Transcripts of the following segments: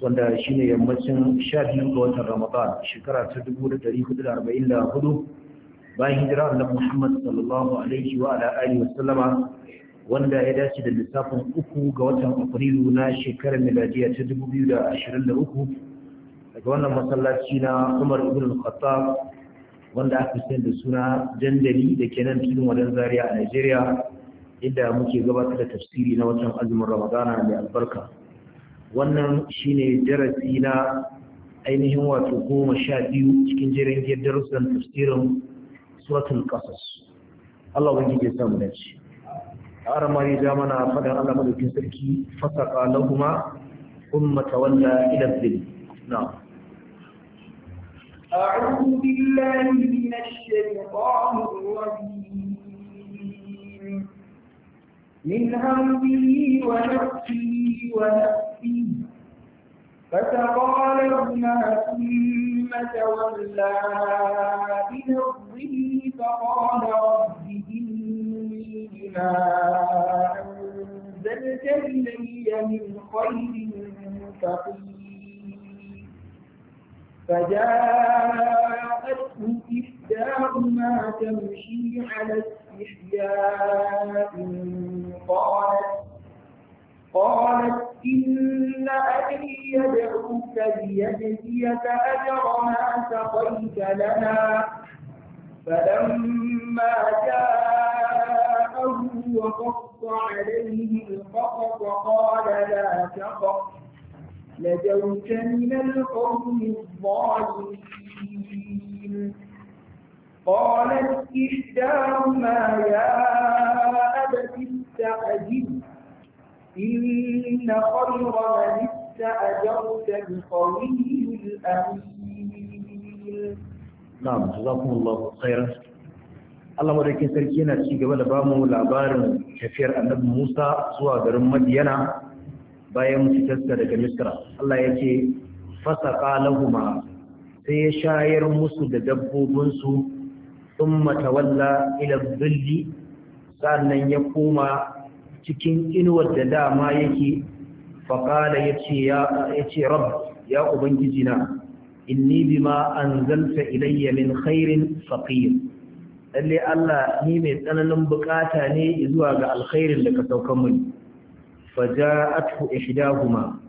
wanda shine yammacin biyu ga watan Ramadan shekara ta hudu bayan hijira Annabi Muhammad sallallahu alaihi wa ala alihi wanda ya dace da lissafin uku ga watan Afrilu na shekarar miladiya ta uku. daga wannan masallaci na Umar ibn al-Khattab wanda aka sayar da suna dandali da ke nan cikin Zaria a Najeriya inda muke gabatar da tafsiri na watan azumin Ramadana mai albarka wannan shine darasi na ainihin wato goma sha biyu cikin jirin giyar darussan tafsirin suratun kasas Allah wani ya samu dace ara mari da mana fadan Allah madaukin sarki fasaqa lahuma umma tawalla wanda idan zai na من من همه ونفسه ونفسه فتقال هما ثم تولى إلى الظل فقال رب إني بما أنزلت إلي من خير فقير فجاءته إحداهما تمشي على استحياء قالت قالت إن أبي يدعوك ليجزيك أجر ما سقيت لنا فلما جاءه وقص عليه القصص قال لا تخف نجوت من القوم الظالمين قالت إحداهما يا أبت استعجل إن خير من استأجرت القوي الأمين نعم جزاكم الله خيرا Allah madaukin sarki yana ci gaba da bamu labarin tafiyar annabi Musa zuwa garin Madiyana bayan fitarsa daga Misra. Allah ya ce fasaka lahuma sai ya shayar musu da dabbobinsu sun matawalla ila zulli sannan ya koma cikin inuwar da dama yake faƙala ya ce rab ya ubangiji na inni bima anzalta ilayya min khairin faqir lalle Allah ni mai tsananin buƙata ne zuwa ga alkhairin da ka saukan mini faja'athu ihdahuma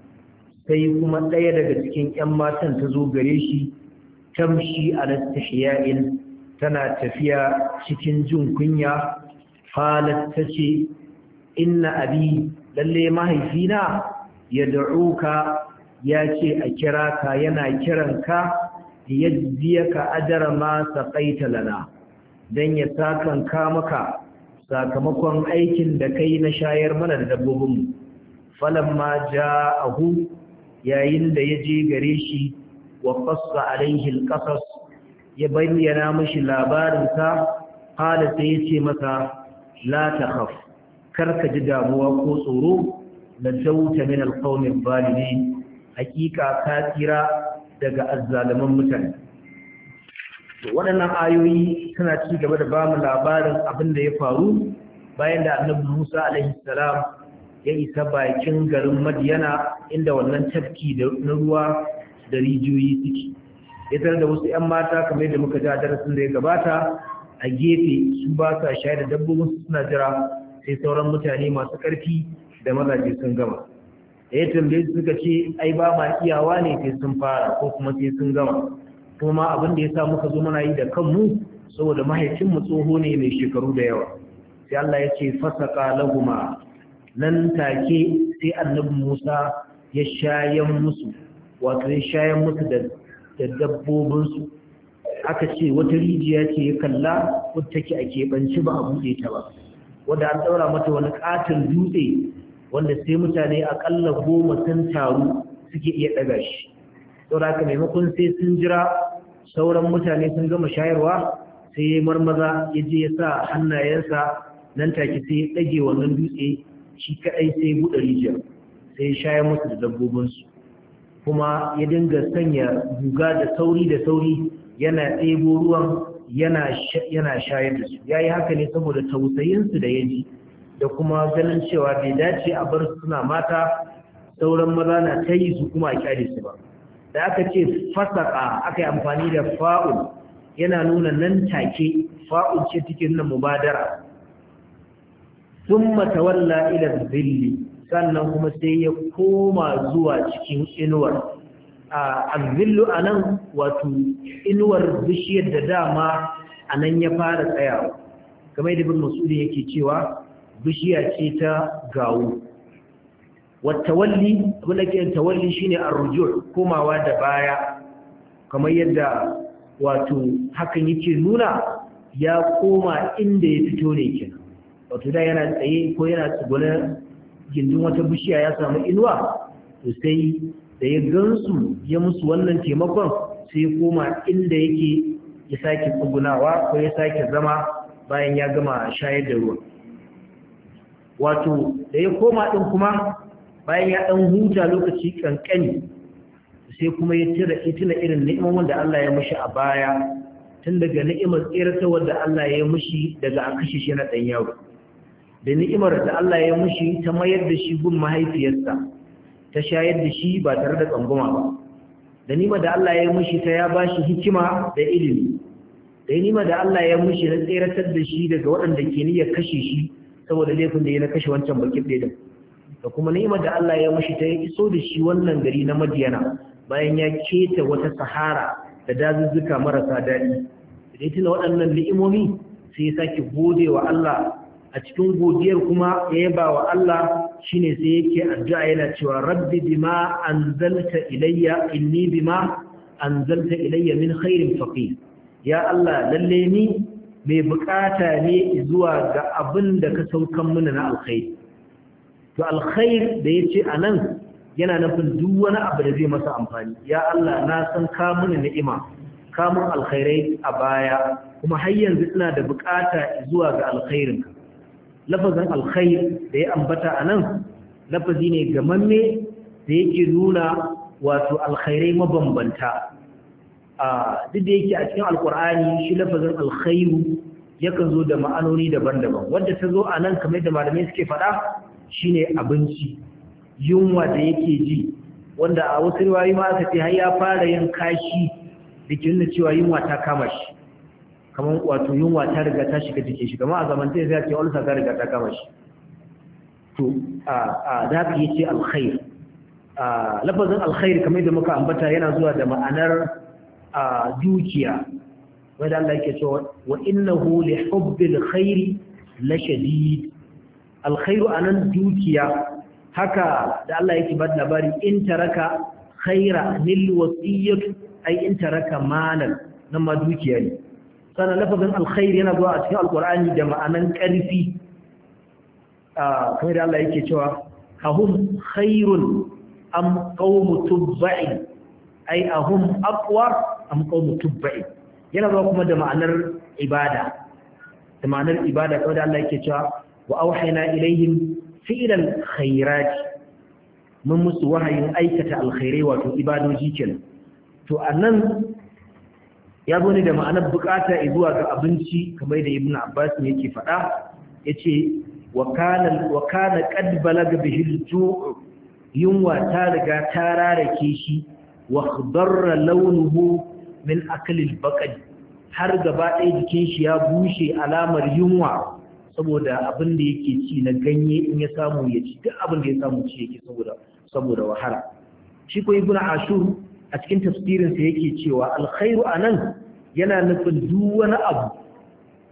sai kuma ɗaya daga cikin ƴan matan ta zo gare shi tamshi ala istihya'in tana tafiya cikin jin kunya falat tace inna abi lalle mahaifina ya da'uka ya ce a kira ka yana kiranka yajziyaka ka ma masa lana dan ya sakanka maka sakamakon aikin da kai na shayar mana da dabbobin mu ja ahu, yayin da ya je gare shi wa qassa alaihi alqasas ya bayyana mashi labarin sa qala sai yace masa la takhaf kar ka ji damuwa ko tsoro na jauta min alqawmin zalimin hakika ka tsira daga azzaluman mutane waɗannan ayoyi suna ci gaba da bamu labarin abin da ya faru bayan da annabi Musa alaihi salam ya isa bakin garin Madiyana inda wannan tafki na ruwa da rijiyoyi suke ya tare da wasu 'yan mata kamar yadda muka ji darasin da ya gabata a gefe su ba sa shayar da dabbobin suna jira sai sauran mutane masu ƙarfi da mazaje sun gama da ya tambaye su suka ce ai ba ma iyawa ne sai sun fara ko kuma sai sun gama kuma abin da ya sa muka zo muna yi da kanmu saboda mahaifin mu tsoho ne mai shekaru da yawa sai Allah ya ce fasaka lahuma nan take sai annabi Musa ya shayan musu wato ya shayan musu da dabbobinsu aka ce wata rijiya ce ya kalla wata take a keɓanci ba a buɗe ta ba wanda an daura mata wani katin dutse wanda sai mutane akalla goma sun taru suke iya daga shi saboda haka maimakon sai sun jira sauran mutane sun gama shayarwa sai ya marmaza ya je ya sa hannayensa nan take sai ya dage wannan dutse shi kadai sai buɗe rijiyar sai ya shayar musu da dabbobinsu kuma ya dinga sanya guga da sauri da sauri yana ɗebo ruwan yana shayar da su ya yi haka ne saboda tausayinsu da yaji da kuma ganin cewa bai dace a bar suna mata sauran maza na tayi yi su kuma a kyale su ba da aka ce fasaka aka yi amfani da fa'ul yana nuna nan take fa'ul ce take nuna mubadara sun walla ila zilli sannan kuma sai ya koma zuwa cikin inuwar a nan wato inuwar bishiyar da dama a nan ya fara tsayawa kamar da bin masudi yake cewa bishiya ce ta gawo wattawalli abin da ke tawalli shine arrujur komawa da baya kamar yadda wato hakan yake nuna ya koma inda ya fito ne kenan wato da yana tsaye ko yana tsibirin gindin wata bishiya ya samu inuwa to da ya gansu ya musu wannan taimakon sai ya koma inda yake ya sake tsugunawa ko ya sake zama bayan ya gama shayar da ruwa wato da ya koma ɗin kuma bayan ya ɗan huta lokaci ƙanƙani sai kuma ya tuna irin ni'imar wanda Allah ya mushi a baya tun daga ni'imar tsirata wanda Allah ya mushi daga a kashe shi yana ɗan yaro da ni'imar da Allah ya mushi ta mayar da shi gun mahaifiyarsa ta shayar da shi ba tare da tsanguma ba da nima da Allah ya mushi ta ya ba shi hikima da ilimi da nima da Allah ya mushi na tseratar da shi daga waɗanda ke niyyar kashe shi saboda laifin da ya na kashe wancan bakin ɗaya da kuma ni'imar da Allah ya mushi ta ya iso da shi wannan gari na Madiyana bayan ya keta wata sahara da dazuzzuka marasa daɗi da tuna waɗannan ni'imomi sai ya sake gode wa Allah a cikin godiyar kuma ya yaba wa Allah shine sai yake addu'a yana cewa rabbi bima anzalta ilayya inni bima anzalta ilayya min khairin faqir ya Allah lalle ni mai bukata ne zuwa ga abin da ka saukan mana na alkhairi to alkhair da yace anan yana nufin duk wani abu da zai masa amfani ya Allah na san ka mana ni'ima ka mun alkhairai a baya kuma har yanzu ina da bukata zuwa ga alkhairinka lafazin alkhair da ya ambata a nan lafazi ne gamamme da yake nuna wato alkhairai mabambanta duk da yake a cikin alkur'ani shi lafazin alkhairu yakan zo da ma'anoni daban-daban wanda ta zo a nan kamar da malamai suke faɗa shine abinci yunwa da yake ji wanda a wasu riwayoyi ma aka ce har ya fara yin kashi da nuna cewa yunwa ta kama shi kamar wato yunwa ta riga ta shiga jikin shi kamar a zamanta zai ce ulsa ta riga ta kama shi to a da ka yace alkhair lafazin alkhair kamar da muka ambata yana zuwa da ma'anar dukiya wanda Allah yake cewa wa innahu li hubbil khairi la shadid alkhairu anan dukiya haka da Allah yake bada labari in taraka khaira lil wasiyyah ai in taraka malan nan ma dukiya ne sana lafazin alkhair yana zuwa a cikin alkur'ani da ma'anan ƙarfi a kamar da Allah yake cewa ahum khairun am qawmu tubba'in ai ahum aqwa am qawmu tubba'in yana zuwa kuma da ma'anar ibada da ma'anar ibada kamar da Allah yake cewa wa auhayna ilaihim fi'lan khairat mun musu wahayin aikata alkhairai wato ibadoji kenan to anan ya zo ne da ma'anar bukata zuwa ga abinci kamar da ibn abbas yake faɗa ya ce kana wa kana qad balaga bihi yunwa ta riga ta rarake shi wa khadarra launuhu min akli al har gaba ɗaya jikin shi ya bushe alamar yunwa saboda abin da yake ci na ganye in ya samu ya ci duk abin da ya samu ci yake saboda saboda wahala shi ko ibn ashur a cikin tafsirinsa yake cewa alkhairu anan yana nufin duk wani abu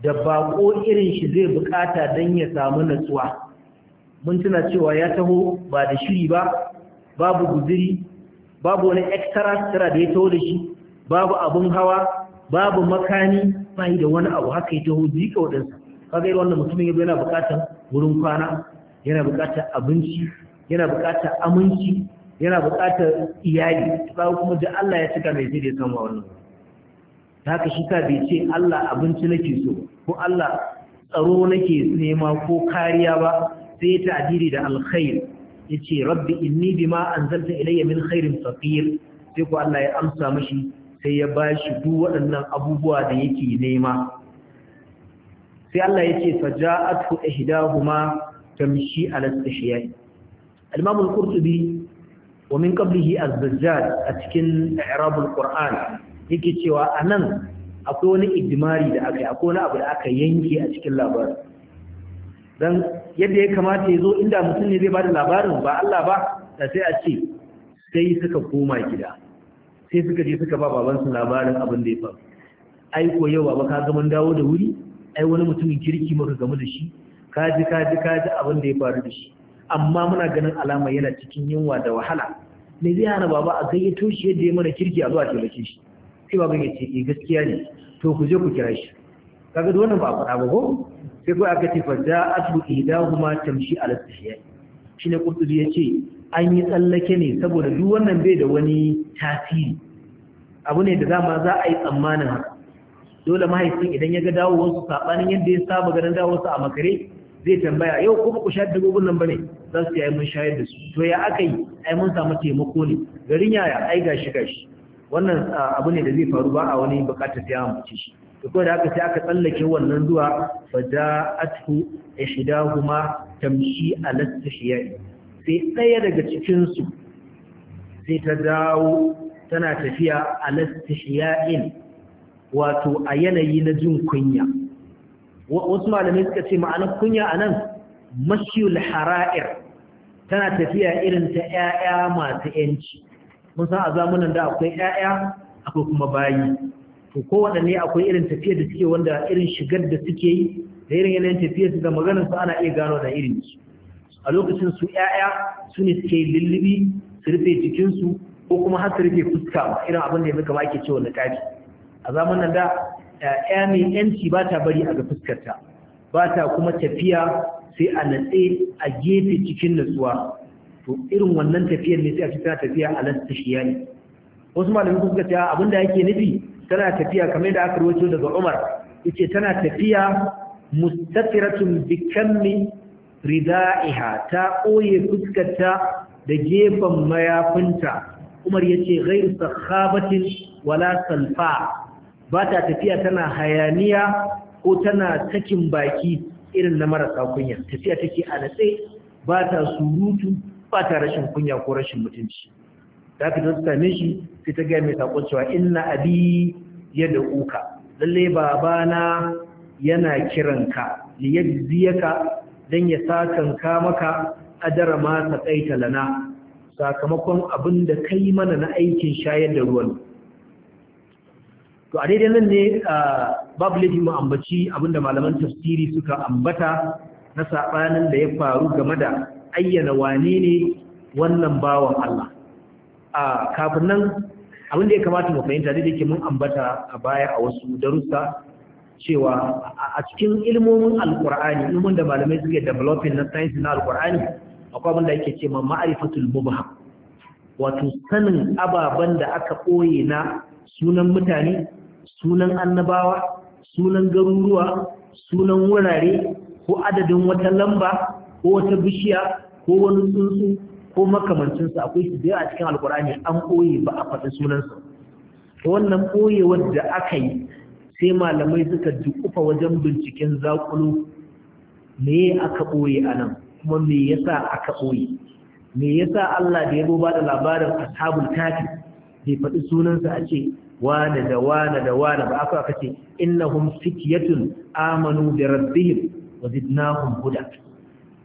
da bako irin shi zai bukata don ya samu natsuwa mun tuna cewa ya taho ba da shiri ba babu guziri babu wani extra sira da ya taho da shi babu abun hawa babu makani bai da wani abu haka ya taho jika waɗansa kaga irin wannan mutumin yana bukatar wurin kwana yana bukatar abinci yana bukatar aminci yana bukatar iyali kaga kuma da Allah ya cika mai sai da ya samu wannan ta haka shi ta bai ce Allah abinci nake so ko Allah tsaro nake nema ko kariya ba sai ya ta'adiri da alkhair yace rabbi inni bima anzalta ilayya min khairin faqir sai ko Allah ya amsa mashi sai ya bashi duk waɗannan abubuwa da yake nema sai Allah ya ce faja'atu ihdahuma tamshi ala istihya'i al-imam al-qurtubi wa min qablihi az-zajjaj a cikin i'rab al-qur'an yake cewa a nan akwai wani idimari da aka yi akwai wani abu da aka yanke a cikin labarin don yadda ya kamata ya zo inda mutum ne zai ba da labarin ba Allah ba da sai a ce sai suka koma gida sai suka je suka ba babansu labarin abin da ya faru ai ko yau baba ka gaman dawo da wuri ai wani mutumin kirki muka gamu da shi ka ji ka ji ka ji abin da ya faru da shi amma muna ganin alama yana cikin yunwa da wahala me zai hana baba a gayyato shi yadda ya mana kirki a zuwa taimake shi sai baban ya ce eh, gaskiya ne to ku je ku kira shi kaga da wannan ba ba ko sai kawai aka ce fadda asbu idahuma tamshi ala istihya shine qurtubi yace an yi tsallake ne saboda duk wannan bai da wani tasiri abu ne da zama za a yi tsammanin haka dole mahaifin idan ya ga dawowar su sabanin yadda ya saba ganin dawowar su a makare zai tambaya yau kuma ku shayar da gogon nan bane za su yi mun shayar da su to ya aka yi ai mun samu taimako ne garin yaya ai gashi gashi wannan abu ne da zai faru ba a wani bukatar sai yawon bace shi Da da aka sai aka tsallake wannan zuwa ba shida kuma tamshi a shi tashiyai sai ɗaya daga cikinsu sai ta dawo tana tafiya a shi tashiyai wato a yanayi na jin kunya wasu malamai suka ce ma'anar kunya anan mashiyul hara'ir tana tafiya irin ta 'ya'ya masu 'yanci mun san a zamanin da akwai ƴaƴa akwai kuma bayi to kowanne akwai irin tafiyar da suke wanda irin shigar da suke yi da irin yanayin tafiyar su da maganar su ana iya gano da irin su a lokacin su ƴaƴa su ne suke lullubi su rufe jikin su ko kuma har su rufe fuska irin abin da yanzu kama ake cewa na a zamanin da ƴaƴa eh, mai ƴanci ba ta bari a ga fuskarta ba ta kuma tafiya sai a natse a gefe cikin natsuwa to irin wannan tafiyar ne sai a cikin tafiya a shiyani wasu malamin kuka cewa abinda yake nufi tana tafiya kamar da aka rawaito daga Umar yace tana tafiya mustatiratun bi kammi ridaiha ta oye fuskarta da gefen mayafinta Umar yace ghairu sakhabatin wala salfa ba ta tafiya tana hayaniya ko tana sakin baki irin na marasa kunya tafiya take a natse ba ta surutu ba ta rashin kunya ko rashin mutunci ta fito ta same shi sai ta gaya mai sakon cewa inna abi ya da uka lalle na yana kiranka li yajziyaka dan ya sakanka maka adara ma ta kaita lana sakamakon abin da kai mana na aikin shayar da ruwan to a daidai nan ne babu laifin mu ambaci da malaman tafsiri suka ambata na saɓanin da ya faru game da ayyana wane ne wannan bawan Allah a kafin nan abin da ya kamata mu fahimta da yake mun ambata a baya a wasu darussa cewa a cikin ilmomin alkur'ani ilmin da malamai suke developing na science na alkur'ani akwai abin da yake ce ma ma'arifatul mubham wato sanin ababen da aka koye na sunan mutane sunan annabawa sunan garuruwa sunan wurare ko adadin wata lamba ko wata bishiya ko wani tsuntsu ko makamancinsu akwai su da a cikin alkur'ani an koye ba a faɗi sunansa wannan koyewar da aka yi sai malamai suka dukufa wajen binciken zakulu me aka ɓoye a kuma me yasa aka ɓoye me yasa Allah da ya ba da labarin ashabul kafi bai faɗi sunansa a ce wane da wane da wane ba aka kace ce innahum fityatun amanu bi rabbihim wa zidnahum hudan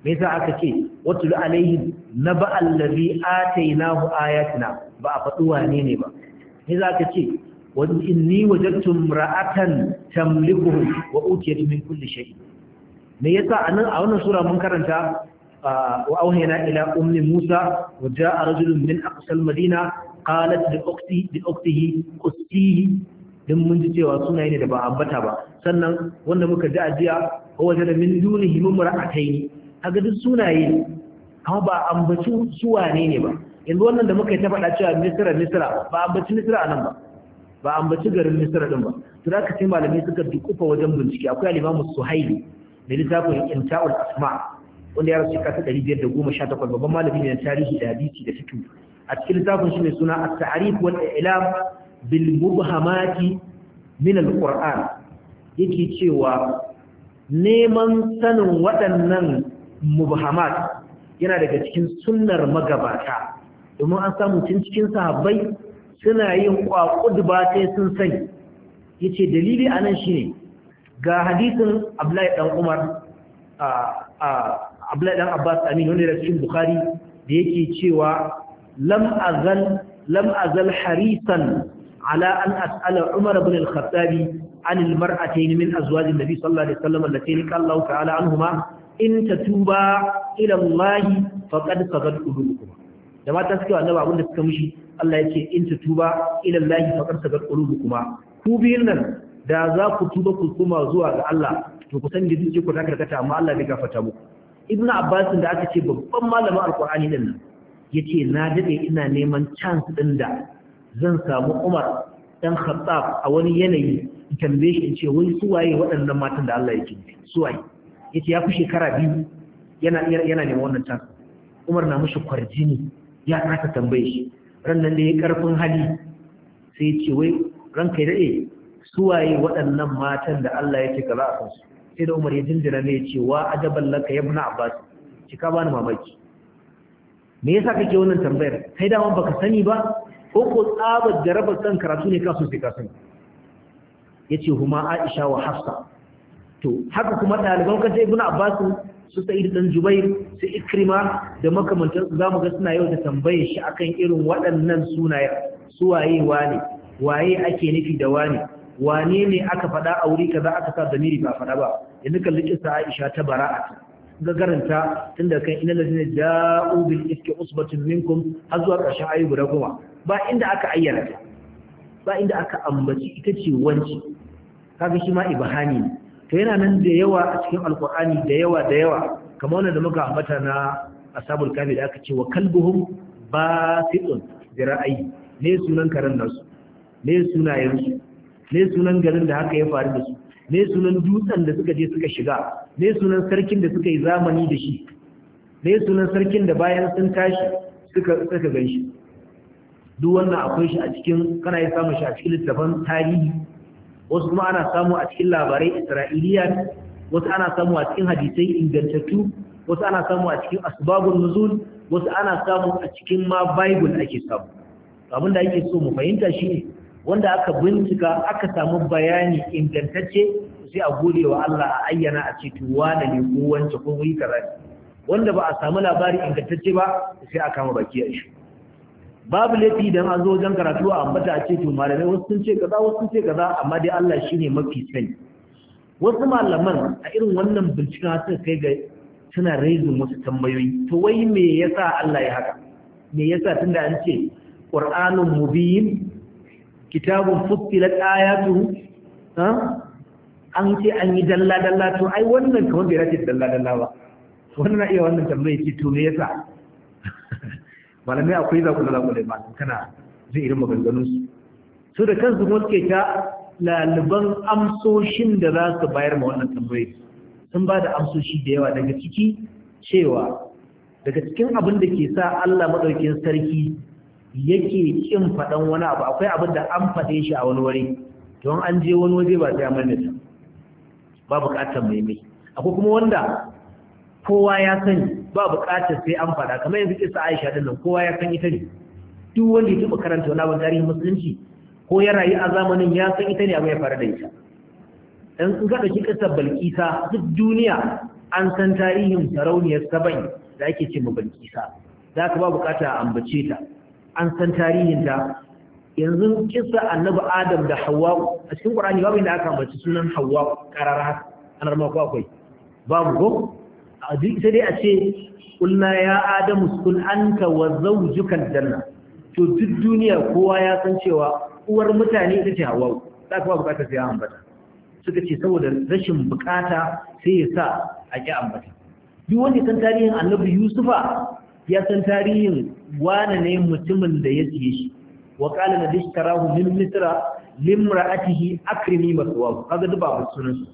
me yasa aka ce watul alaihi naba allazi atainahu ayatina ba a faɗi wane ne ba me yasa aka ce wa inni wajadtu ra'atan tamlikuhum wa utiyat min kulli shay me yasa anan a wannan sura mun karanta wa auhayna ila ummi musa wa jaa rajulun min aqsal madina qalat li ukhti li ukhtihi qustihi dan mun ji cewa sunaye ne da ba ambata ba sannan wanda muka ji ajiya ko wajen min dunihi mumra'ataini kaga duk sunaye amma ba ambaci suwane ne ba yanzu wannan da muka yi ta faɗa cewa misira misira ba ambaci misira a nan ba ba ambaci garin misira din ba to za ka ce malamai suka dukufa wajen bincike akwai alimamu suhaili da littafin inta'ul asma wanda ya rasu ta ɗari biyar da goma sha takwas babban malami ne na tarihi da hadisi da fitu a cikin littafin shi mai suna at-ta'rif wal i'lam bil mubhamati min al-qur'an yake cewa neman sanin waɗannan mubhamat yana daga cikin sunnar magabata domin an samu tun cikin sahabbai suna yin kwakud ba sai sun sani yace dalili anan shine ga hadisin Abdullahi dan Umar Abdullahi dan Abbas Amin wanda da cikin Bukhari da yake cewa lam azal lam azal harisan ala an as'ala Umar ibn al-Khattabi عن المرأتين من أزواج النبي Nabi الله عليه وسلم التي لك الله in tatuba ila Allah faqad sagat qulubukum da mata suke wannan abin da suka mishi Allah ya ce in tatuba ila Allah faqad sagat kuma ku biyun nan da za ku tuba ku kuma zuwa ga Allah to ku san da zuciya ku ta karkata amma Allah bai gafarta muku Ibn Abbas da aka ce babban malamin Alkur'ani din nan yace na dade ina neman chance din da zan samu Umar dan Khattab a wani yanayi tambaye shi in ce wai su waye waɗannan matan da Allah yake su waye yace ya fi shekara biyu yana yana neman wannan ta Umar na kwarji kwarjini ya kasa tambaye shi rannan da ya karfin hali sai ya ce wai ranka Su suwaye waɗannan matan da Allah ya ce kaza a kansu sai da Umar ya jinjina ne ya ce wa ajaban laka ibn Abbas ki ka bani mamaki me yasa kake wannan tambayar kai da baka sani ba ko ko tsabar jarabar san karatu ne ka so sai ka sani yace huma Aisha wa Hafsa to haka kuma ɗaliban kanta ibn abbas su sa'id dan jubair su ikrima da makamantan su zamu ga suna yau da tambaye shi akan irin waɗannan sunaye su waye wane waye ake nufi da wane wane ne aka faɗa a wuri kaza aka sa damiri ba faɗa ba yanzu kalli kisa Aisha ta bara'at ga garanta tunda kan inna ladina ja'u bil iski usbatun minkum har zuwa ƙarshen ayu guda kuma ba inda aka ayyana ba inda aka ambaci ita ce wanci kaga shi ma ibahani Ka yana nan da yawa a cikin alkur'ani da yawa da yawa kamar wanda da muka ambata na ashabul kafi da aka ce wa kalbuhum da ra'ayi. ne sunan karen nasu ne sunayen su ne sunan garin da haka ya faru da su ne sunan dutsen da suka je suka shiga ne sunan sarkin da suka yi zamani da shi ne sunan sarkin da bayan sun tashi suka suka ganshi duk wannan akwai shi a cikin kana yi samun shi a cikin littafin tarihi wasu kuma ana samu a cikin labarai isra'iliya wasu ana samu a cikin hadisai ingantattu wasu ana samu a cikin asbabun nuzul wasu ana samu a cikin ma bible ake samu abin da ake so mu fahimta shi ne, wanda aka bincika aka samu bayani ingantacce sai a gode wa Allah a ayyana a cikin wani ne ko wance ko wanda ba a samu labari ingantacce ba sai a kama baki a shi babu laifi idan an zo wajen karatu a ambata a ce to malamai wasu sun ce kaza wasu sun ce kaza amma dai Allah shine mafi sani wasu malaman a irin wannan bincika suka kai ga suna raising wasu tambayoyi to wai me yasa Allah ya haka me yasa tunda an ce qur'anun mubin kitabun fuddilat ayatu ha an ce an yi dalla dalla to ai wannan kamar bai race dalla dalla ba wannan iya wannan tambaye ce to me yasa malamai akwai za ku da zakulai ba kana zai irin maganganun su su da kansu kuma suke ta laliban amsoshin da za su bayar ma wannan tambayi sun ba da amsoshi da yawa daga ciki cewa daga cikin abin da ke sa Allah madaukakin sarki yake kin faɗan wani abu akwai abin da an faɗe shi a wani wuri don an je wani waje ba sai an maimaita ba buƙatar mai mai akwai kuma wanda kowa ya sani ba buƙatar sai an faɗa kamar yanzu kisa Aisha din nan kowa ya san ita ne duk wanda ya taɓa karanta wani abin musulunci ko ya rayu a zamanin ya san ita ne abin ya faru da ita dan in ka ɗauki kisar Balkisa duk duniya an san tarihin sarauniyar Saban da ake ce ma Balkisa za ka ba buƙata a ambace ta an san tarihin ta yanzu kisa annabi adam da hawa a cikin Qur'ani babu inda aka ambaci sunan hawwa ƙarar anar ma akwai babu ko ta dai a ce kulna ya adamu an anka wa zawjukan janna to duk duniya kowa ya san cewa uwar mutane ita ce hawa za ka bukata sai ambata suka ce saboda rashin bukata sai ya sa a ki ambata duk wani san tarihin annabi yusufa ya san tarihin wane ne mutumin da ya siye shi wa qala la dishtarahu min misra limra'atihi akrimi maswahu kaga duba sunan su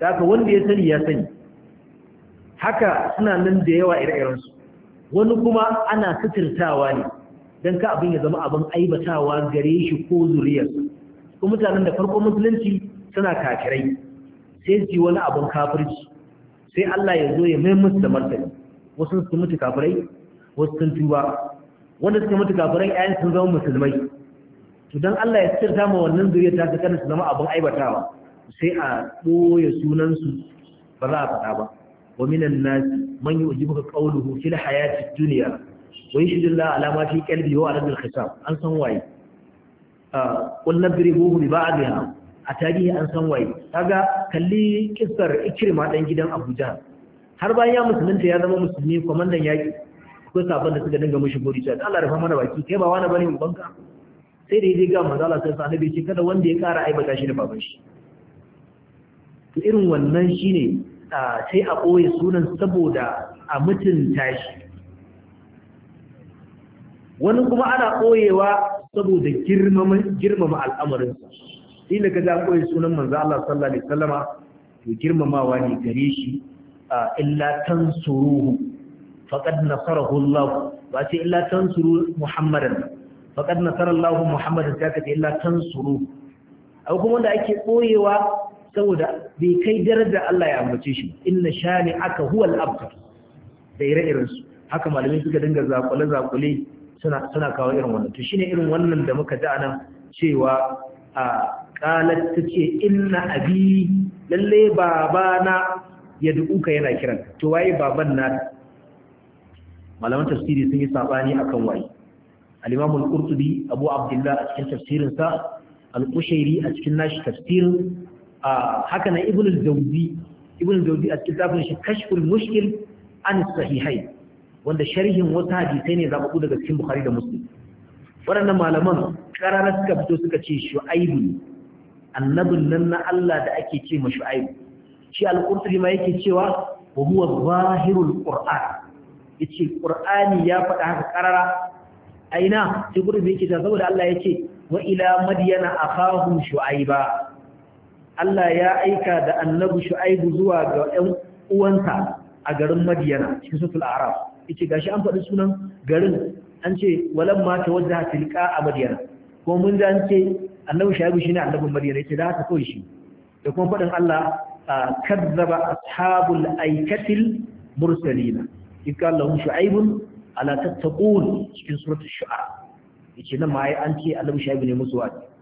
ka wanda ya sani ya sani haka suna nan da yawa ire-irensu wani kuma ana sitirtawa ne don ka abin ya zama abin aibatawa gare shi ko zuriyarsa kuma mutanen da farko musulunci suna kafirai sai ji wani abin kafirci sai Allah ya zo ya mai musu da martani wasu sun mutu kafirai wasu sun tuba wanda suka mutu kafirai ayan sun zama musulmai to dan Allah ya sitirta ma wannan zuriyar ta ta kana su zama abin aibatawa sai a boye sunan su ba za a faɗa ba ومن الناس من يعجبك قوله في الحياة الدنيا ويشهد الله على ما في قلبه على الخصام أن سنواي قلنا بريبوه ببعضها أتاجيه أن سنواي هذا كلي كسر إكرمة جدا أبو جهل har bayan ya musulunta ya zama musulmi kwamandan yaƙi akwai sabon da suka dinga mashi gori cewa Allah rufa mana baki kai ba wani bane ubanka sai da yaje ga manzo Allah sai sa annabi ce kada wanda ya ƙara aibata shi da baban shi to irin wannan shine sai a ɓoye sunan saboda a mutunta shi wani kuma ana ɓoyewa saboda girmama al’amarin shi da ka za ɓoye sunan manzan Allah sallallahu Alaihi Wasallama to girmamawa ne gare shi illa tan suruhu faƙad nasarahu Allah ba sai illa tan suru Muhammadan faƙad nasarar Allah Muhammadan ta kace illa tan suru akwai kuma wanda ake ɓoyewa saboda bai kai darajar Allah ya ambace shi inna shani aka huwal abtar da ire-iren su haka malamai suka dinga zakule-zakule suna suna kawo irin wannan to shine irin wannan da muka ji anan cewa a qalat tace inna abi lalle babana ya duka yana kiran to waye baban na malaman tafsiri sun yi sabani akan waye al-imam al-qurtubi abu abdullah a cikin tafsirinsa. al-qushairi a cikin nashi tafsirin haka na ibn al-jawzi ibn a cikin shi kashful mushkil an sahihai wanda sharhin wasu hadisai ne zababu daga cikin bukhari da muslim waɗannan malaman karara suka fito suka ce shu'aibu annabin nan na Allah da ake ce ma shu'aibu shi al-qurtubi ma yake cewa wa huwa zahirul qur'an yace qur'ani ya faɗa haka karara aina sai qurtubi yake ta saboda Allah yace wa ila madyana akahum shu'aiba Allah ya aika da annabi shu'aibu zuwa ga ɗan uwanta a garin madiyana cikin sutul arab ice gashi an faɗi sunan garin an ce walan ma ta wadda tilka a madiyana kuma mun da an ce annabi shu'aibu shine annabin madiyana yace da haka kawai shi da kuma faɗin Allah kadzaba ashabul aikatil mursalina ikka lahum shu'aibun ala tattaqun cikin suratul shu'ara yace nan ma an ce annabi shu'aibu ne musu wa'azi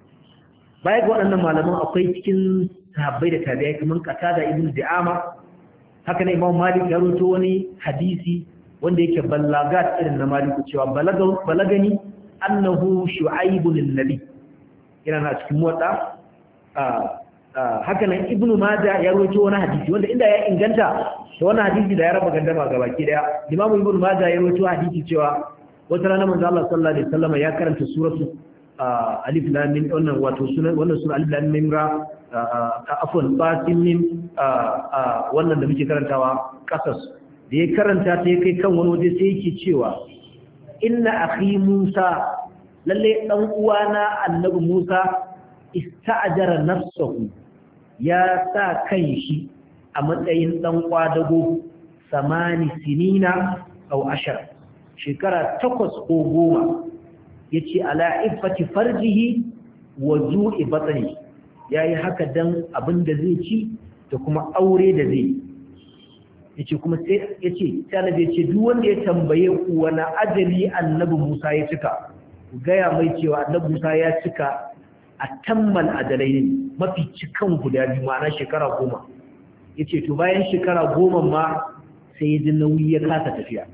baya ga waɗannan malaman akwai cikin sahabbai da tabi'ai kamar qatada ibn di'ama haka ne imam malik ya roto wani hadisi wanda yake ballagat irin na maliku cewa balagani annahu shu'aibun nabi yana na cikin motsa haka nan ibn majah ya roto wani hadisi wanda inda ya inganta da wani hadisi da ya raba gandama ga baki daya imam ibn majah ya roto hadisi cewa wata rana manzo Allah sallallahu alaihi wasallam ya karanta suratul alif lamin wannan wato wannan suna alif lamin mimra afwan batin mim wannan da muke karantawa kasas da ya karanta ta kai kan wani waje sai yake cewa inna akhi musa lalle dan uwana annabi musa ista'jara nafsahu ya sa kan shi a matsayin ɗan ƙwadago samani sinina au ashar shekara takwas ko goma yace ala iffati farjihi wa zu'i batni yayi haka dan abin da zai ci da kuma aure da zai yace kuma sai yace sai annabi yace duk wanda ya tambaye ku wani ajali annabi Musa ya cika gaya mai cewa annabi Musa ya cika a tammal adalai ne mafi cikan guda biyu ma'ana shekara goma yace to bayan shekara goma ma sai ya ji nauyi ya kasa tafiya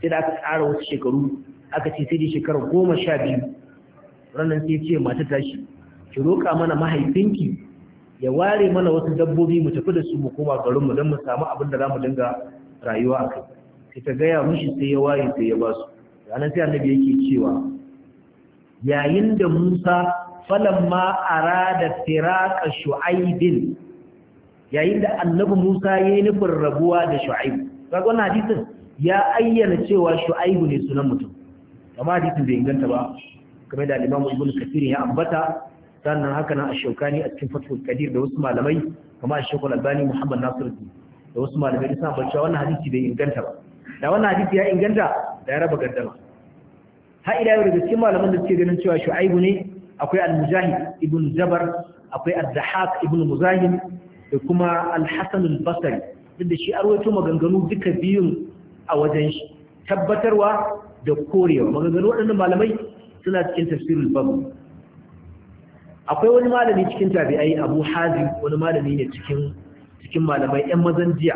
sai da aka tsara wasu shekaru aka ce sai da shekarar goma sha biyu ranar sai ce mata tashi ki roƙa mana mahaifinki ya ware mana wasu dabbobi mu tafi da su mu koma garin mu don mu samu abin da zamu dinga rayuwa a kai sai ta gaya mushi sai ya ware sai ya basu ranar sai annabi yake cewa yayin da Musa falamma da firaka shu'aibin yayin da annabi Musa yayi nufin rabuwa da shu'aib kaga wannan hadisin ya ayyana cewa shu'aibu ne sunan mutum amma hadisin bai inganta ba kamar da Imam Ibn Kathir ya ambata sannan haka nan Ash-Shawkani a cikin Fathul Qadir da wasu malamai kamar Ash-Shaykh Al-Albani Muhammad Nasiruddin da wasu malamai da sanar cewa wannan hadisi bai inganta ba da wannan hadisi ya inganta da ya raba gaddama har ila yau daga cikin malaman da suke ganin cewa Shu'aibu ne akwai Al-Mujahid ibn Jabar akwai Ad-Dahhak ibn Muzahim da kuma Al-Hasan Al-Basri duk da shi arwato maganganu duka biyun a wajen shi tabbatarwa da korewa maganganu waɗannan malamai suna cikin tafsirul babu akwai wani malami cikin tabi'ai abu hazim wani malami ne cikin cikin malamai yan mazan jiya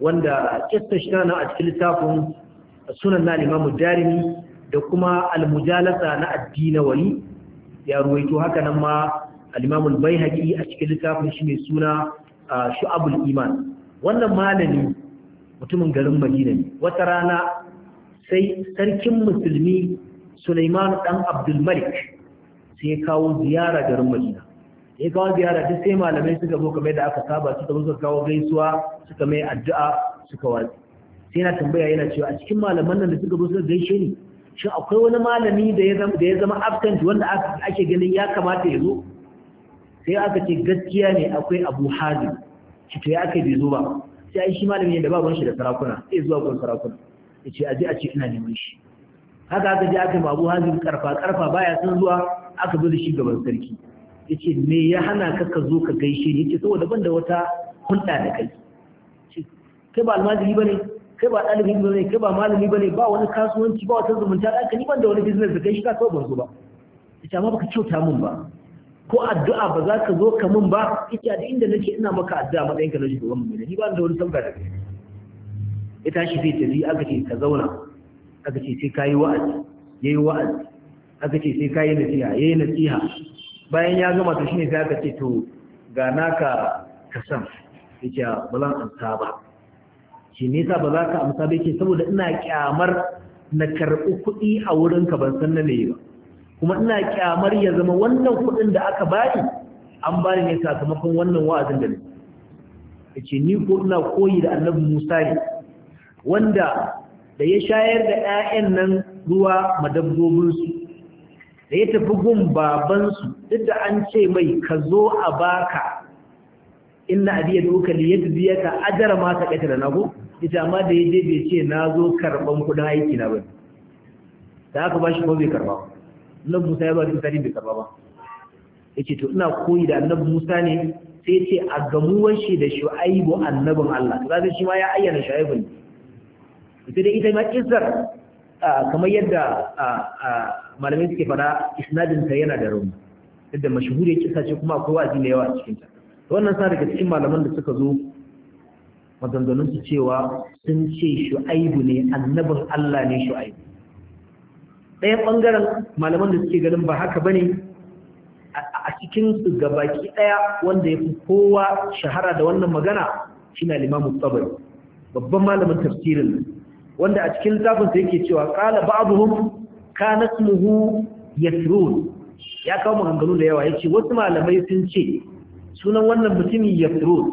wanda kista shi na a cikin littafin sunan na limamu darimi da kuma almujalasa na addina wali ya ruwaito haka nan ma alimamul bai haƙi a cikin littafin shi mai suna ah, shu'abul iman wannan malami mutumin garin madina ne wata rana sai sarkin musulmi Sulaiman dan Abdul Malik sai ya kawo ziyara garin Madina ya kawo ziyara duk sai malamai suka zo kamar da aka saba suka zo kawo gaisuwa suka mai addu'a suka watsi sai na tambaya yana cewa a cikin malaman nan da suka zo suka gaishe ni shin akwai wani malami da ya zama da ya zama absent wanda ake ganin ya kamata ya zo sai aka ce gaskiya ne akwai Abu Hazim shi to ya aka bi zo ba sai shi malami ne da baban shi da sarakuna sai zuwa gun sarakuna yace aje a ce ina neman shi haka aka je aka babu hazin karfa karfa baya san zuwa aka zo da shi gaban sarki yace me ya hana ka ka zo ka gaishe ni yace saboda ban da wata hulɗa da kai kai ba almajiri bane kai ba ɗalibi bane kai ba malami bane ba wani kasuwanci ba wata zumunta da aka ni ban da wani business da kai shi ka kawo ban zo ba yace amma baka kyauta mun ba ko addu'a ba za ka zo ka mun ba yace da inda nake ina maka addu'a matsayin ka na shugaban mu ne ni ba da wani sabga da kai ya tashi ta biyu aka ce ka zauna aka ce sai ka yi wa'azi ya yi wa'azi aka ce sai ka yi nasiha ya yi nasiha bayan ya gama to shine sai aka ce to ga naka ka san ya ce ah, ba zan amsa ba shi nesa ba za ka amsa ba yake saboda ina kyamar na karɓi kuɗi a wurin ka ban san na ne ba kuma ina kyamar ya zama wannan kuɗin da aka bani an bani ne sakamakon wannan wa'azin da ne ce ni ko ina koyi da annabi Musa ne wanda da ya shayar da 'ya'yan nan ruwa madabbobinsu da ya tafi gun babansu duk da an ce mai ka zo a baka inna abiya duka ne yadda biya ka ajara ma ta ƙaita da nago ita amma da ya je bai ce na zo karɓan kuɗin aiki na bai da aka ba shi ko bai karɓa annabi musa ya ba da misali bai karɓa ba ya ce to ina koyi da annabi musa ne sai ce a gamuwar shi da shu'aibu annabin allah to kaga shi ma ya ayyana shu'aibu ne ita dai ita ma kissar kamar yadda malamai suke fara isnadin ta yana da rauni yadda ya kissa ce kuma akwai wa'azi da yawa a cikin ta wannan sa daga cikin malaman da suka zo maganganun su cewa sun ce shu'aibu ne annabin Allah ne shu'aibu ɗayan ɓangaren malaman da suke ganin ba haka bane a cikin su gabaki ɗaya wanda ya fi kowa shahara da wannan magana shine na Limamu babban malamin tafsirin wanda a cikin littafin yake cewa qala ba'dhum kana ismuhu yasrun ya kawo maganganu da yawa yace wasu malamai sun ce sunan wannan mutumin yasrun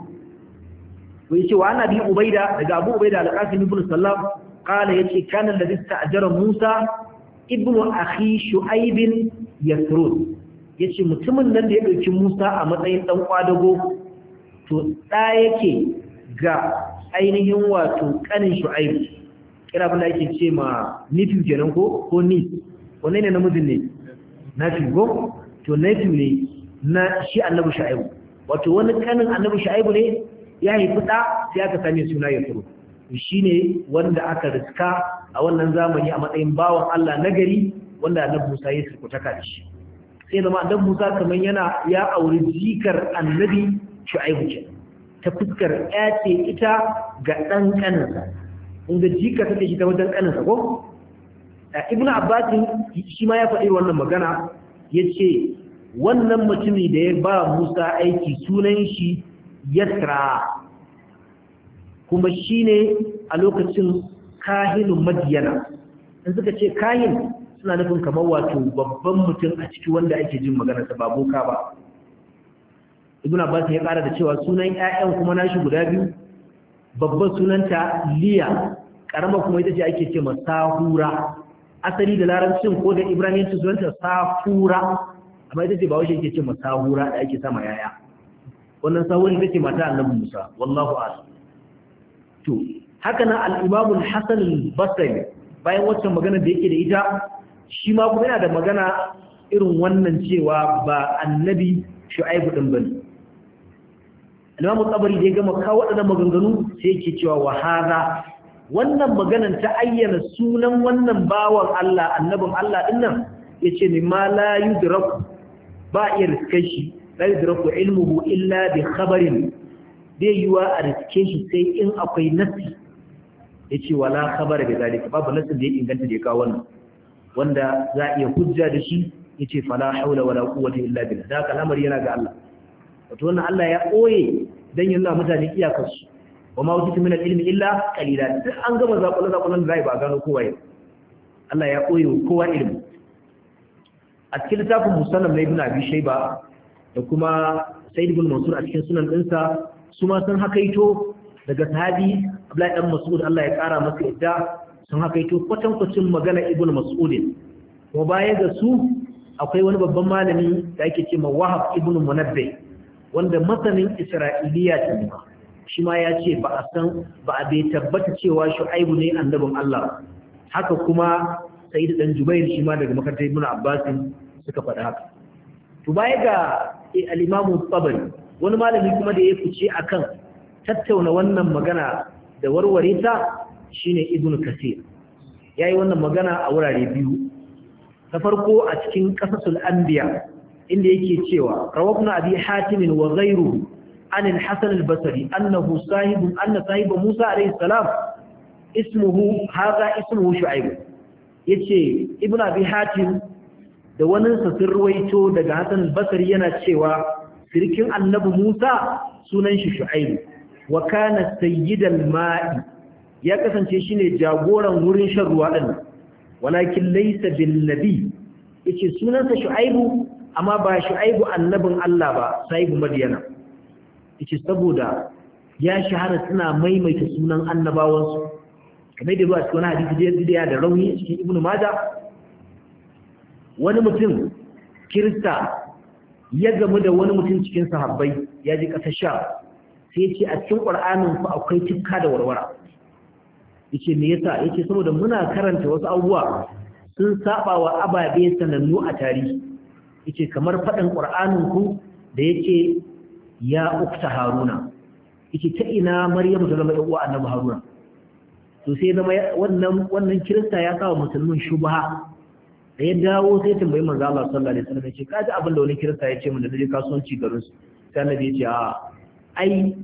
to yace wa annabi ubaida daga abu ubaida al-qasim ibn sallam qala yace kana alladhi ta'jara musa ibn akhi shu'aib yasrun yace mutumin nan da ya dauki musa a matsayin dan kwadago to da yake ga ainihin wato kanin shu'aib kira abin da ake ce ma nifi kenan ko ko ni wannan ne namijin ne Na ko to nafi ne na shi annabi shu'aibu wato wani kanin annabi shu'aibu ne ya haifi da sai aka same suna ya shi ne wanda aka riska a wannan zamani a matsayin bawan Allah nagari wanda annabi Musa ya ka da shi sai zama annabi Musa kamar yana ya auri jikar annabi shu'aibu ce ta fuskar ya ce ita ga dan kaninsa in jika take shi ta wajen sa ko ibn abbas shi ma ya faɗi wannan magana Ya ce wannan mutumin da ya ba musa aiki sunan shi yatra kuma shine a lokacin kahin madiyana in suka ce kahin suna nufin kamar wato babban mutum a ciki wanda ake jin magana ta ba boka ba ibn abbas ya kara da cewa sunan ƴaƴan kuma nashi guda biyu babban sunanta liya karama kuma ita ce ake ce ma sahura asali da larancin ko da ibrahimci ta sahura amma ita ce ba wace ake ce ma sahura da ake sama yaya wannan sahura ita ce mata annabi musa wallahu a'lam to haka nan al-imam al-hasan al-basri bayan waccan magana da yake da ita shi ma kuma yana da magana irin wannan cewa ba annabi shu'aibu din bane al-imam tabari da ya gama kawo waɗannan maganganu sai yake cewa wa hadha wannan maganan ta ayyana sunan wannan bawan Allah annabin Allah ya ce ni ma la yudraku ba iya riske shi la yudraku ilmuhu illa bi khabarin bai yiwa a riske shi sai in akwai nasi Ya ce wala khabara bi zalika babu nasin da ya inganta da ya kawo wannan wanda za a iya hujja da shi ya yace fala haula wala quwwata illa billah da kalamar yana ga Allah wato wannan Allah ya koye dan yin mutane iyakarsu wa ma wuce min al-ilmi illa qalila duk an gama zakulan zakulan da zai ba gano kowa yau Allah ya koyi kowa ilimi a cikin littafin musannam na ibn abi shayba da kuma sayyid ibn mansur a cikin sunan dinsa su ma sun hakaito daga sahabi Abdullahi dan Mas'ud Allah ya kara masa yadda sun hakaito kwatankwacin magana ibn Mas'ud kuma baya ga su akwai wani babban malami da ake ce ma Wahab ibn Munabbi wanda masanin Isra'iliya ne shi ma ya ce ba a san ba a bai tabbata cewa shu'aibu ne annabin Allah haka kuma sai da dan jubair shi ma daga makarantar ibnu abbas suka faɗa haka to baya ga al-imamu tabari wani malami kuma da ya fice akan tattauna wannan magana da warware ta shine ibnu kasir yayi wannan magana a wurare biyu ta farko a cikin qasasul anbiya inda yake cewa rawabna abi hatim wa ghayruhu عن الحسن البصري أنه صاحب أن صاحب موسى عليه السلام اسمه هذا اسمه شعيب yace ibnu abi hatim da wani sa sun ruwaito daga hasan al-basri yana cewa sirkin annabi Musa sunan shi Shu'aib wa kana ma'i ya kasance shine jagoran wurin shan ruwa din walakin laysa bin nabi yace sunan sa Shu'aib amma ba Shu'aib annabin Allah ba sahibu madyana. yace saboda ya shahara suna maimaita sunan annabawansu kamar da zuwa cikin hadisi da ya da rauni cikin ibnu majah wani mutum kirista ya gamu da wani mutum cikin sahabbai ya ji ƙasar sha sai ce a cikin ƙwar'anin ku akwai cikka da warwara yace me yasa yace saboda muna karanta wasu abubuwa sun saba wa ababe sanannu a tarihi yace kamar faɗin ƙur'anin ku da yake ya ukta haruna ita ta ina maryamu ta zama uwa annabi haruna to sai zama wannan wannan kirista ya kawo musulmin shubha da ya dawo sai tambayi manzo Allah sallallahu alaihi wasallam ce kaji abin da wani kirista ya ce mun da je kasuwanci garin su sai annabi ce a ai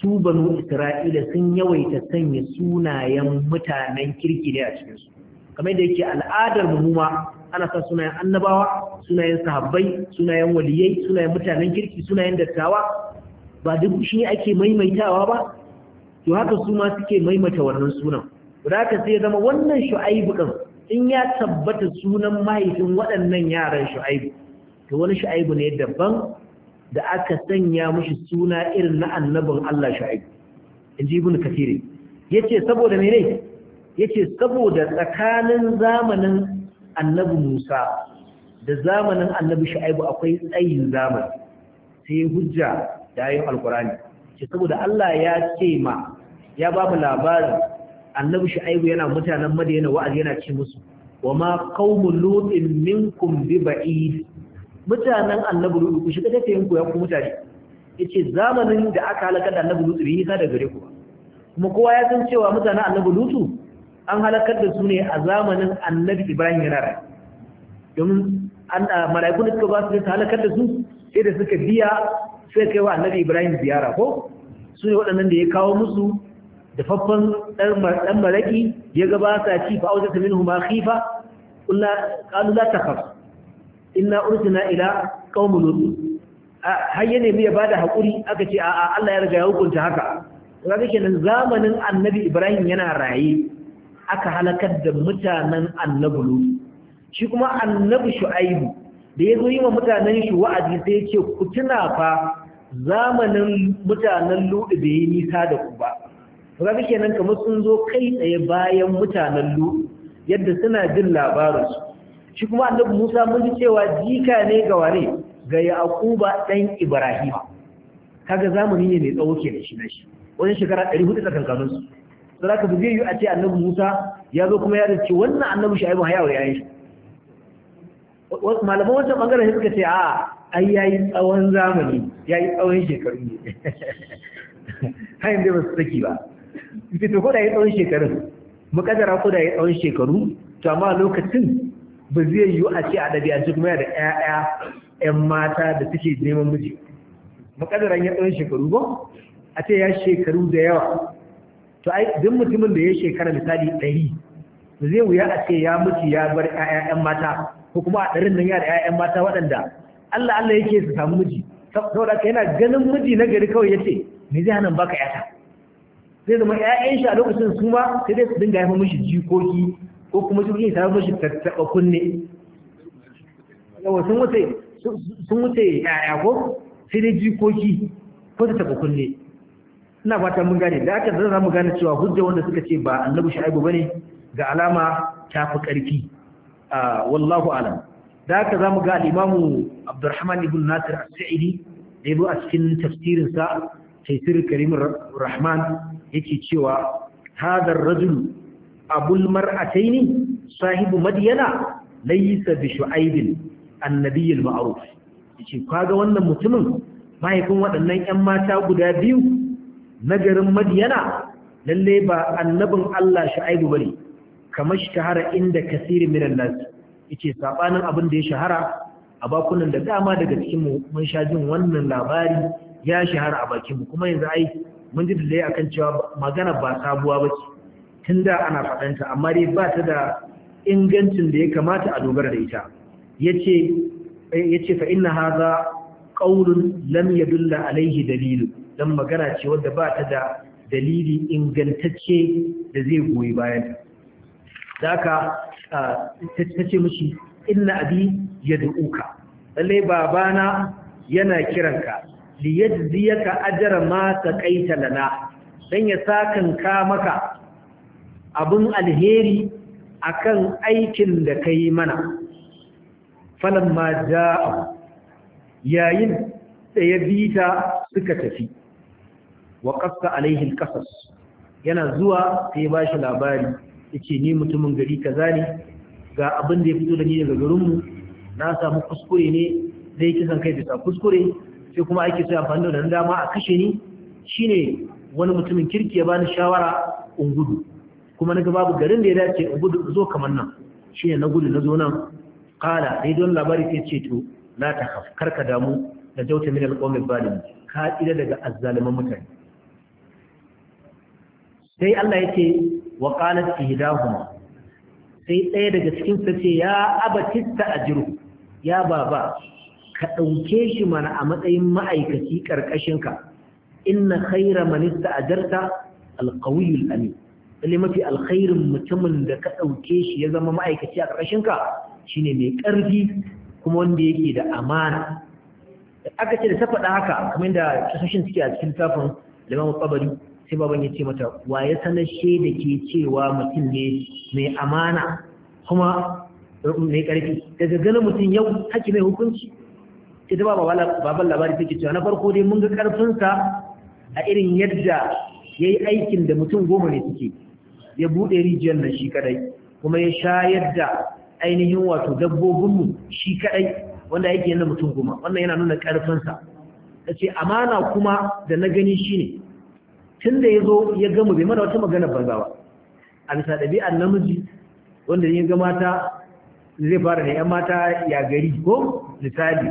su banu isra'ila sun yawaita sanya sunayen mutanen kirki ne a cikin su kamar da yake al'adar mu ma ana sa sunayen annabawa sunayen sahabbai sunayen waliyai sunayen mutanen kirki sunayen dattawa ba duk shi ake maimaitawa ba to haka su ma suke maimaita wannan sunan da haka sai zama wannan shu'aibu din in ya tabbata sunan mahaifin waɗannan yaran shu'aibu to wani shu'aibu ne daban da aka sanya mushi suna irin na annabin Allah shu'aibu in ji ibn kathiri yace saboda mene yace saboda tsakanin zamanin annabi Musa da zamanin annabi Shu'aibu akwai tsayin zamani sai hujja da ayoyin alkurani ce saboda Allah ya ce ma ya ba mu labarin annabi Shu'aibu yana mutanen Madina wa'azi yana ce musu wa ma qaumul lutin minkum bi ba'id mutanen annabi Lut ku shiga tafiyin ku ya ku mutane yace zamanin da aka halaka da annabi Lut bai yi da gare ku kuma kowa ya san cewa mutanen annabi Lutu an halakar da su ne a zamanin annabi ibrahim yana rai domin an mala'iku da suka ba su ta halakar da su sai da suka biya sai kai wa annabi ibrahim ziyara ko su ne waɗannan da ya kawo musu da faffan ɗan maraƙi ya gabata ci fa auta min huma khifa qalu la takhaf inna ursina ila qaumin lut har ya nemi ya bada hakuri aka ce a'a Allah ya riga ya hukunta haka kaga kenan zamanin annabi ibrahim yana raye aka halakar da mutanen annabi lut shi kuma annabi shu'aibu da ya zo yi wa mutanen shi wa'azi sai ya ce ku tuna fa zamanin mutanen lut da yi nisa da ku ba kaga nan kamar sun zo kai tsaye bayan mutanen ludu yadda suna jin labarin su shi kuma annabi Musa mun ji cewa jika ne ga ware ga Yaquba dan Ibrahim kaga zamani ne mai tsawo ke da shi na shi wajen shekara 400 tsakankanin su don haka ba zai yi a ce annabi musa ya zo kuma ya zace wannan annabi shu'aibu haya wa yayin shi malaman wancan bangaren shi suka ce a ai yayi tsawon zamani yayi tsawon shekaru ne har da ba su saki ba ita to ko da yayi tsawon shekaru, mukadara ko da yayi tsawon shekaru to amma lokacin ba zai yi a ce a ɗabi'ance kuma yana da ƴaƴa ƴan mata da suke neman miji mukadaran ya tsawon shekaru ba a ce ya shekaru da yawa to ai duk mutumin da ya shekara misali ɗari zai wuya a ce ya mutu ya bar ƴaƴan mata ko kuma a ɗarin nan ya da ƴaƴan mata waɗanda Allah Allah yake su samu miji saboda ka yana ganin miji na gari kawai yace me zai hana baka ƴata zai zama ƴaƴan shi a lokacin su ma sai dai su dinga haifa mishi jikoki ko kuma su dinga samu mishi tattaɓa kunne yawa sun wuce sun wuce ƴaƴa ko sai dai jikoki ko tattaɓa kunne ina fata mun gane da aka zama mu gane cewa hujja wanda suka ce ba annabi shu'aibu bane ga alama ta fi karfi wallahu alam da aka zamu ga alimamu Abdurrahman ibn Nasir as-Sa'idi da yabo a cikin tafsirin sa Taysir Karim Rahman yake cewa hadha rajul abul mar'atayn sahibu madyana laysa bi shu'aibin annabiyil al-ma'ruf yace kaga wannan mutumin mahaifin waɗannan ƴan mata guda biyu na garin madiyana lalle ba annabin Allah shu'aibu bane kamar shahara inda kasirin minan nas yace sabanin abin da ya shahara a bakunan da dama daga cikin mu mun sha jin wannan labari ya shahara a bakin mu kuma yanzu ai mun ji dalilai akan cewa magana ba sabuwa ba ce tunda ana ta amma dai ba ta da ingancin da ya kamata a dogara da ita yace eh, yace fa inna hadha qawlun lam yadulla alaihi dalilun don magana ce wadda ba ta da dalili ingantacce da zai goyi bayan da aka ta mashi inna abi ya du'uka lalle babana yana kiranka li yajziyaka ajra ma taqaita lana dan ya sakanka maka abun alheri akan aikin da ka yi mana falamma jaa yayin da ya bita suka tafi wa qasta alaihi alqasas yana zuwa sai ba shi labari yace ni mutumin gari kaza ne ga abin da ya fito da ni daga garin mu na samu kuskure ne zai kisan kai bisa kuskure sai kuma ake so amfani da dama a kashe ni shine wani mutumin kirki ya bani shawara in gudu kuma naga babu garin da ya dace in gudu zo kamar nan shine na gudu na zo nan kala dai don labari sai ce to la ta karka damu da jauta min alqawmi zalimin ka tsira daga azzaliman mutane sai Allah ya ce wa qalat ihdahuma sai ɗaya daga cikin su ce ya abatista ajru ya baba ka dauke shi mana a matsayin ma'aikaci karkashin ka inna khayra man ista'jarta alqawiyul amin lalle mafi alkhairin mutumin da ka dauke shi ya zama ma'aikaci a karkashin ka shine mai karfi kuma wanda yake da amana aka ce da ta faɗa haka kamar da kasashen suke a cikin tafin limamu tsabari sai baban ya ce mata wa ya sanar da ke cewa mutum ne mai amana kuma mai karfi daga ganin mutum yau haki mai hukunci Ita ta baban labari take cewa na farko dai mun ga ƙarfinsa a irin yadda ya yi aikin da mutum goma ne suke ya buɗe rijiyar nan shi kadai kuma ya sha yadda ainihin wato dabbobinmu shi kadai wanda yake yana mutum goma wannan yana nuna ƙarfinsa. ta ce amana kuma da na gani shi ne tun da ya zo ya gama bai mana wata magana banza ba a bisa ɗabi'ar namiji wanda ya ga mata zai fara da 'yan mata ya gari ko misali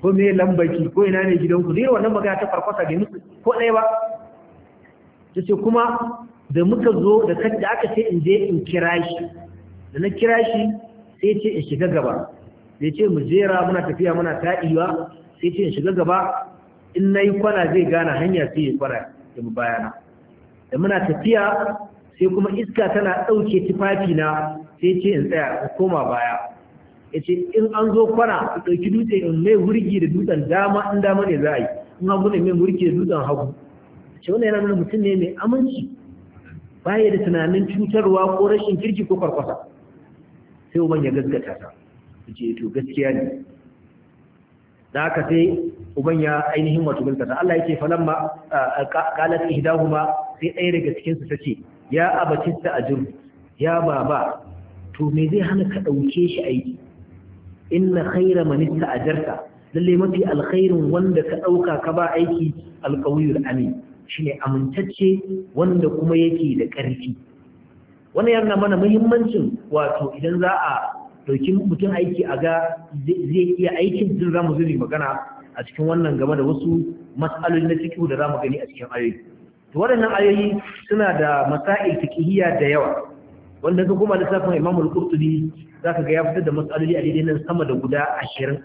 ko me lambaki ko ina ne gidanku zai wannan magana ta farfasa ga musu ko ɗaya ba ta ce kuma da muka zo da kadda aka ce in je in kira shi da na kira shi sai ce in shiga gaba sai ce mu jera muna tafiya muna taɗiwa sai ce in shiga gaba in na yi kwana zai gana hanya sai ya kwana ta bayana da muna tafiya sai kuma iska tana ɗauke tufafi na sai ce in tsaya in koma baya ya ce in an zo kwana in ɗauki dutse in mai wurgi da dutsen dama in dama ne za a yi in hagu ne mai wurgi da dutsen hagu ce wannan yana nuna mutum ne mai aminci baya da tunanin cutarwa ko rashin kirki ko kwarkwasa sai uban ya gaskata ta ce eh, to gaskiya ne da haka sai uban ya ainihin wato bilkata Allah yake falamma qalat ihdahuma sai ɗaya daga cikin su tace ya abacin ta ajur ya baba to me zai hana ka ɗauke shi aiki inna khayra a jarta. lalle mafi alkhairin wanda ka ɗauka ka ba aiki alqawiyul amin shine amintacce wanda kuma yake da ƙarfi wannan yana mana muhimmancin wato idan za a ɗauki mutum aiki a ga zai iya aikin din za mu zuri magana a cikin wannan game da wasu matsaloli na cikin da za gani a cikin ayoyi to waɗannan ayoyi suna da masail fikihiyya da yawa wanda ka kuma lissafin imam al-qurtubi zaka ga ya fitar da matsaloli a daidai nan sama da guda ashirin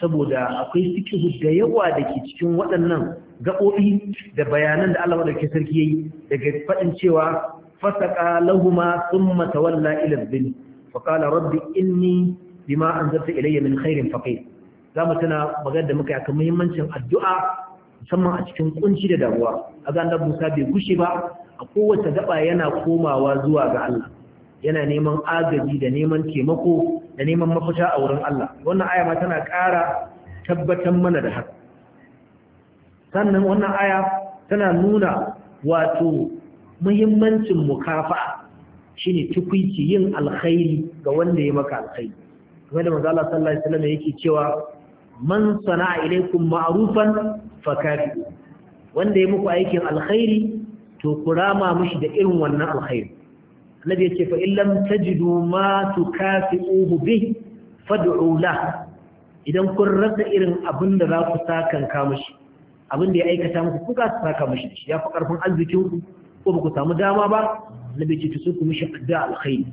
saboda akwai cikin da yawa da ke cikin waɗannan gaɓoɓi da bayanan da Allah madaukakin sarki yayi daga faɗin cewa fasaka lahuma thumma tawalla ila dhilli faƙala rabbi inni bima an zarta ilayya min khairin za mu tana magana da muka yi akan muhimmancin addu'a musamman a cikin kunci da damuwa a ga annabi Musa bai gushe ba a kowace gaba yana komawa zuwa ga Allah yana neman agaji da neman taimako da neman mafita a wurin Allah wannan aya ma tana ƙara tabbatar mana da haka sannan wannan aya tana nuna wato muhimmancin mukafa'a shine tukwici yin alkhairi ga wanda ya maka alkhairi kuma da manzo Allah sallallahu alaihi wasallam yake cewa man sana'a maarufan, ma'rufan fakafi wanda ya muku aikin alkhairi to kurama mushi da irin wannan alkhairi annabi yake fa illam tajidu ma tukafi'uhu bih fad'u lah idan kun rasa irin abin da za ku sakan ka mushi abin da ya aikata muku kuka saka mushi ya fi karfin arzikin ku ko ba ku samu dama ba bai ce to ku mishi addu'a alkhairi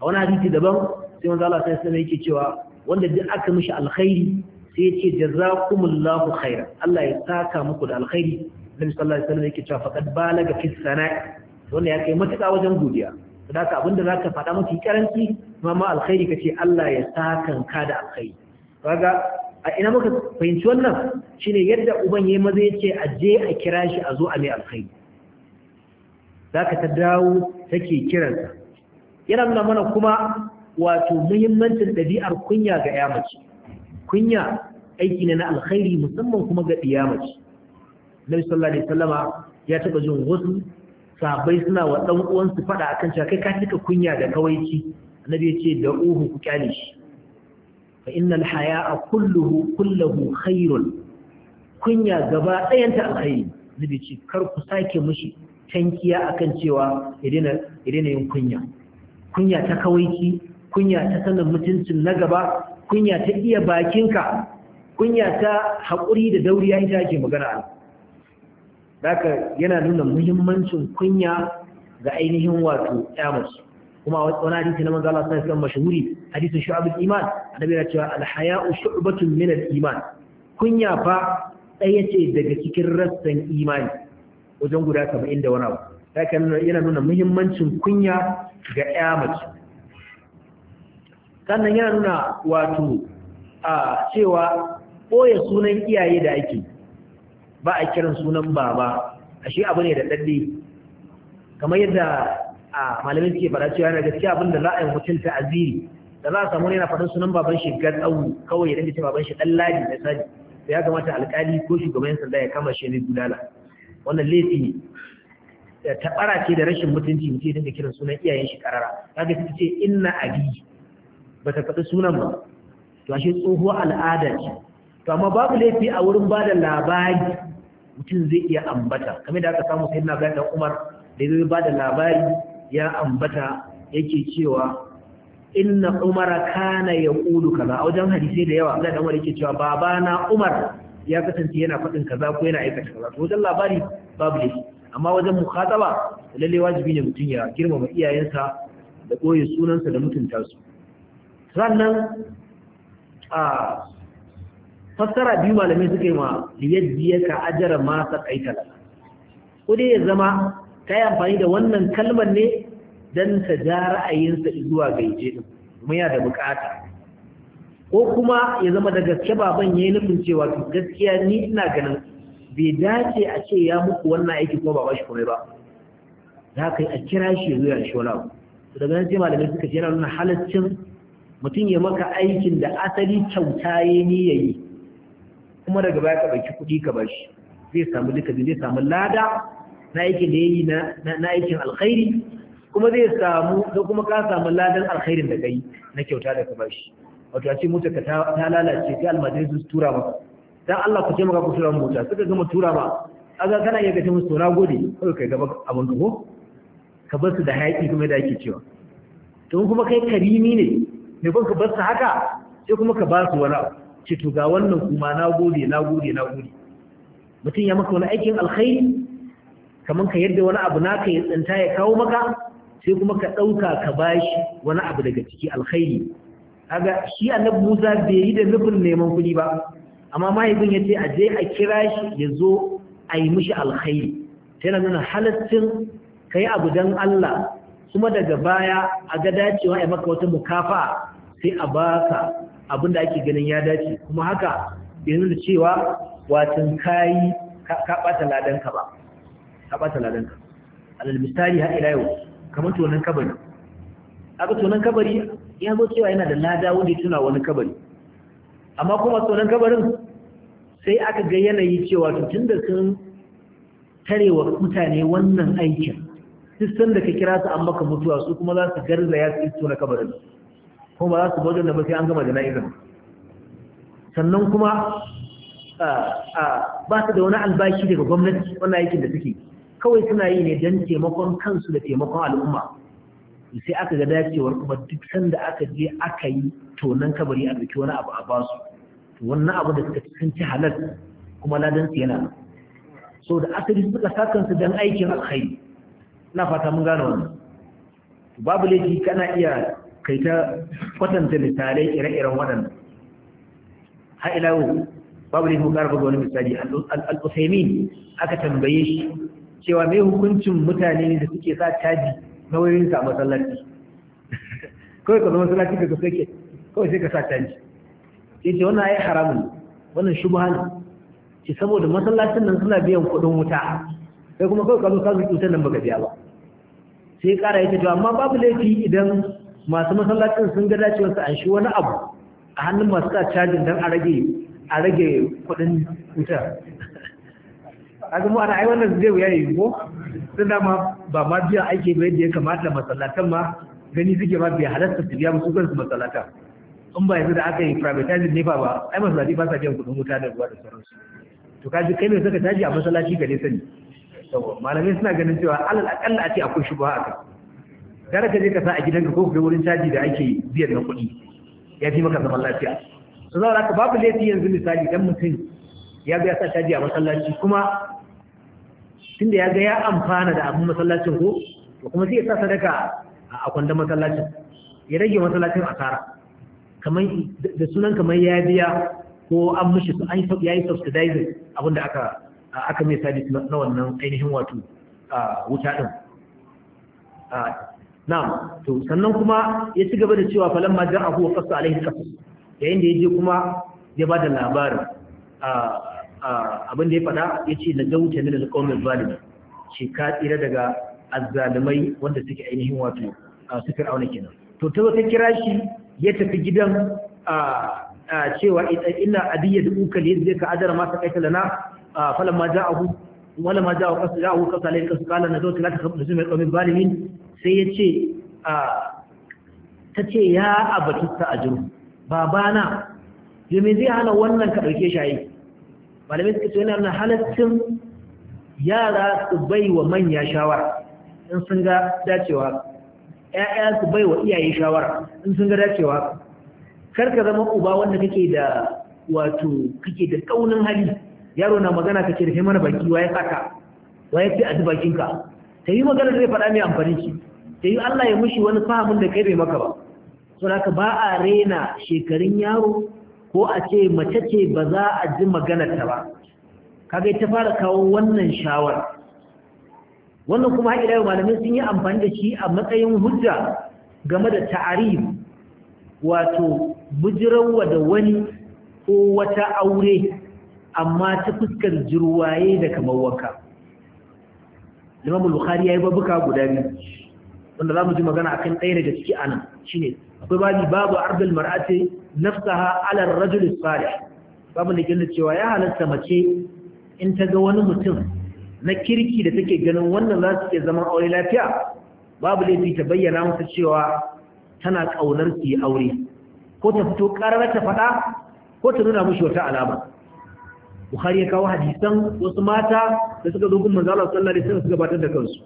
a wani hadisi daban sai manzo Allah sai sai yake cewa wanda duk aka mishi alkhairi sai yace jazakumullahu khairan Allah ya saka muku da alkhairi annabi sallallahu alaihi wasallam yake cewa faqad balaga fi sana'i wanda ya kai matuka wajen godiya da haka abinda zaka faɗa miki karanci kuma ma alkhairi kace Allah ya saka ka da alkhairi kaga a ina muka fahimci wannan shine yadda uban yayi maza yace a je a kira shi a zo a mai alkhairi zaka ta dawo take kiransa yana nuna mana kuma wato muhimmancin ɗabi'ar kunya ga ya mace kunya aiki ne na alkhairi musamman kuma ga ɗiya mace nabi sallallahu alaihi wasallama ya taɓa jin wasu sabai suna wa ɗan uwansu faɗa akan cewa kai ka cika kunya da kawaici annabi ya ce da uhu ku kyale shi fa innal haya'a kulluhu kulluhu khairun kunya gaba ɗayanta alkhairi annabi ya ce kar ku sake mushi tankiya akan cewa ya daina yin kunya kunya ta kawaiki kunya ta sanin mutuncin na gaba kunya ta iya bakinka kunya ta haƙuri da dauriya ita ake magana a daga yana nuna muhimmancin kunya ga ainihin wato ƙyamus kuma wani hadisi na manzo Allah sallallahu alaihi wasallam mashhuri hadisin shu'abul iman annabi ya cewa al-haya'u shu'batun min al-iman kunya fa ɗaya ce daga cikin rassan imani wajen guda saba'in da wani abu haka yana nuna muhimmancin kunya ga ya mace sannan yana nuna wato a cewa ɓoye sunan iyaye da ake ba a kiran sunan baba ashe abu ne da ɗaɗɗe kamar yadda a malamin ke fara cewa yana gaskiya abin da za a yi mutum ta aziri da za a samu yana faɗin sunan baban shi ga tsawo kawai ya dinga baban shi ɗan ladi na sani ya kamata alƙali ko shugaban sanda ya kama shi ne bulala wannan laifi ne ɓara ce da rashin mutunci mutum ya dinga kiran sunan iyayen shi karara kaga sai ce inna abi ta faɗi sunan ba to ashe tsohuwa al'ada ce to amma babu laifi a wurin ba da labari mutum zai iya ambata kamar da aka samu sai na bayan Umar da zai ba da labari ya ambata yake cewa inna umara kana ya yaqulu kaza a wajen hadisi da yawa ga dan Umar yake cewa babana Umar ya kasance yana faɗin kaza ko yana aikata kaza to wajen labari babu ne amma wajen mukhataba lalle wajibi ne mutum ya girmama iyayensa da ɓoye sunansa da mutunta su sannan a fassara biyu malamai suka yi ma liyajiyar ka ajara masa kaikala ko dai ya zama ka yi amfani da wannan kalmar ne don ta ja ra'ayinsa zuwa gaije din kuma yana da bukata ko kuma ya zama da gaske baban ya yi nufin cewa gaskiya ni ina ganin bai dace a ce ya muku wannan aiki kuma ba shi komai ba za ka yi a kira shi ya zo ya shi wani abu daga nan sai malamai suka ce yana nuna halaccin mutum ya maka aikin da asali kyauta ya ni ya yi kuma daga baya ka ɗauki kuɗi ka bashi zai samu duka zai samu lada na aikin da ya yi na aikin alkhairi kuma zai samu ko kuma ka samu ladan alkhairin da ka na kyauta da ka bashi wato a ce mota ka ta lalace sai almajirai su tura maka dan Allah ku taimaka ku tura mota suka gama tura ba kaga kana iya gace musu na gode ko kai gaba abin ka ka bar su da hayaki kuma da ake cewa to kuma kai karimi ne ne ban ka bar su haka sai kuma ka ba su wani abu ce to ga wannan kuma na gode na gode na gode mutum ya maka wani aikin alkhairi kamar ka yadda wani abu naka ya tsinta ya kawo maka sai kuma ka ɗauka ka bashi wani abu daga ciki alkhairi kaga shi annabi Musa bai yi da nufin neman kuɗi ba amma mahaifin ya ce a je a kira shi ya zo a yi mishi alkhairi sai na nuna halaccin ka yi abu don Allah kuma daga baya a ga dacewa a maka wata mukafa sai a baka abin da ake ganin ya dace kuma haka bai nuna cewa watan kayi ka ɓata ladanka ba ka ɓata ladanka alal misali har ila yau kamar tonin kabari aka tunan kabari ya zo cewa yana da lada wanda ya tuna wani kabari amma kuma tunan kabarin sai aka ga yanayi cewa tun da sun wa mutane wannan aikin sistan da ka kira su an maka mutuwa su kuma za su ya su yi kabarin kuma za su bautar da ba sai an gama jana'izar sannan kuma ba su da wani albashi daga gwamnati wannan aikin da suke kawai suna yi ne don taimakon kansu da taimakon al'umma sai aka ga dacewar kuma duk sanda aka je aka yi nan kabari a ɗauki wani abu a basu to wannan abu da suka sun ci halal kuma ladan su yana so da asali suka sakan su dan aikin alkhairi ina fata mun gane wannan babu laifi kana iya kai ta kwatanta misalai ire-iren waɗannan ha ila yau babu laifi ƙara ga wani misali al uthaymeen aka tambaye shi cewa me hukuncin mutane ne da suke sa caji saurin sa masallaci kawai ka zama masallaci ka ke, kawai sai ka sa canji sai ce wannan ai haramun wannan shubha ne ce saboda masallacin nan suna biyan kudin wuta sai kuma kawai ka zo ka zuci wutar nan baka biya ba sai ya kara yake to amma babu laifi idan masu masallacin sun ga dacewar su an shi wani abu a hannun masu sa cajin don a rage a rage kudin wutar kaga mu ana ai wannan zai wuya yi ko sun dama ba ma biya aiki ba yadda ya kamata masallatan ma gani suke ma biya halatta su biya musu kansu masallata in ba yanzu da aka yi privatizing nefa ba ai masallaci ba sa biyan kuɗin wuta da ruwa da sauransu to kaji kai mai saka taji a masallaci ka ne sani malamai suna ganin cewa alal akalla a ce akwai shubuha a kai gara ka je ka sa a gidanka ko kuma wurin caji da ake biyan na kuɗi ya fi maka zaman lafiya su zaura ka babu laifi yanzu misali dan mutum ya biya sa caji a masallaci kuma tunda ya ga ya amfana da abin masallacin ko to kuma sai ya sa sadaka a kwandon masallacin ya rage masallacin a tara kamar da sunan kamar ya biya ko an mishi su an ya yi subsidizing da aka aka mai sabis na wannan ainihin wato wuta din Na to sannan kuma ya ci gaba da cewa majar abu wa fasa alaihi da yayin da je kuma ya ba da labarin abin da ya faɗa ya ce na gauta min alƙawmin zalimi shi ka tsira daga azzalimai wanda suke ainihin wato su fir'auna kenan to ta wata kira shi ya tafi gidan cewa ina adiyya da ukali yadda zai ka adara masa kai talana falan ma za wala ma ja'ahu kasu ja'ahu kasu alayhi kasu kala na zautu lati kasu mai ƙaunar zalimin sai ya ce ta ce ya abatista a jiru babana domin zai hana wannan ka ɗauke shi a yi malamai suka ce yana nuna halaccin yara su bai wa manya shawara in sun ga dacewa ‘ya'ya su bai wa iyaye shawara in sun ga dacewa karka zama uba wanda kake da wato kake da kaunin hali yaro na magana kake da mana baki waye saka waye fi a ji bakinka ta yi magana zai faɗa mai amfani ki ta yi Allah ya mushi wani fahimun da kai bai maka ba so da ba a rena shekarun yaro ko a ce mace ce ba za a ji ta ba kaga ta fara kawo wannan shawara wannan kuma haƙi da malamai sun yi amfani da shi a matsayin hujja game da ta'arif wato bujirawa da wani ko wata aure amma ta fuskar jirwaye da kamar wanka limamu bukhari ya yi babuka guda biyu wanda za mu ji magana akan ɗaya daga ciki anan shine akwai babu babu ardal mar'ati nafsaha ala rajul salih babu da gina cewa ya halatta mace in ta ga wani mutum na kirki da take ganin wannan za su ke zama aure lafiya babu laifi ta bayyana masa cewa tana kaunar su yi aure ko ta fito karar ta faɗa ko ta nuna mushi wata alama Bukhari ya kawo hadisan wasu mata da suka zo gumman zalar sallar da suka gabatar da kansu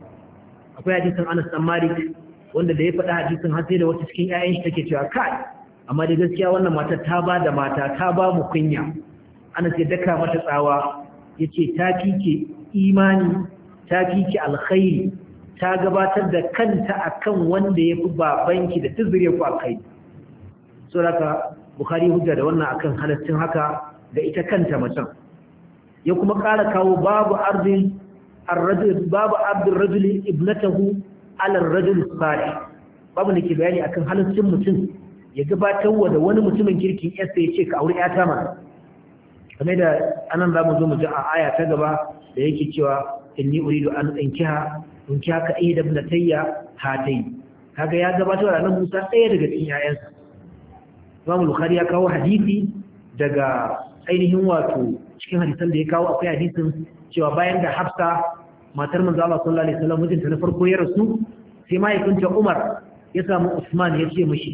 akwai hadisan Anas dan Malik wanda da ya faɗa hadisin har sai da wata cikin yayan shi take cewa kai amma da gaskiya wannan mata ta ba da mata ta ba mu kunya ana sai daka mata tsawa ya ce ta kike imani ta kike alkhairi ta gabatar da kanta akan wanda ya fi babanki da tuzure ku alkhairi so daga bukhari hujja da wannan akan halaccin haka da ita kanta macen ya kuma ƙara kawo babu arzin arrajul babu abdul rajul ibnatahu ala rajul salih babu da ke bayani akan halaccin mutum ya gabatar wa da wani mutumin kirkin yasta ya ce ka auri yata mana kamar da anan zamu mu zo mu ji a aya ta gaba da yake cewa inni uridu an ka iya da binatayya hatai kaga ya gabatar da nan musa ɗaya daga cikin 'ya'yansa imam bukhari ya kawo hadisi daga ainihin wato cikin hadisan da ya kawo akwai hadisin cewa bayan da hafsa matar manzo Allah sallallahu alaihi wasallam mijinta na farko ya rasu sai mahaifinta Umar ya samu Usman ya ce mishi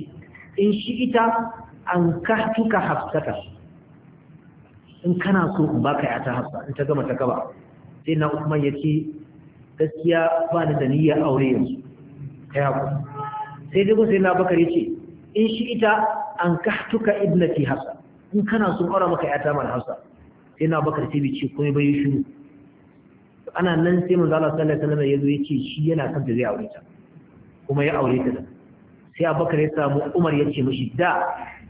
in shi ita an tuka hafsata in kana so in baka ya ta hafsa in ta gama ta gaba sai na Usman ya ce gaskiya ba da niyyar aure yanzu ta yaku sai dai sai na Bakar ya ce in shi ita an tuka ibnati hafsa in kana so aure maka ya ta mana hafsa sai na Bakar sai bai ce komai bai shiru ana nan sai manzo Allah sallallahu alaihi wasallam ya zo ya ce shi yana son ta zai aure ta kuma ya aure ta sai abubakar ya samu umar ya ce mashi da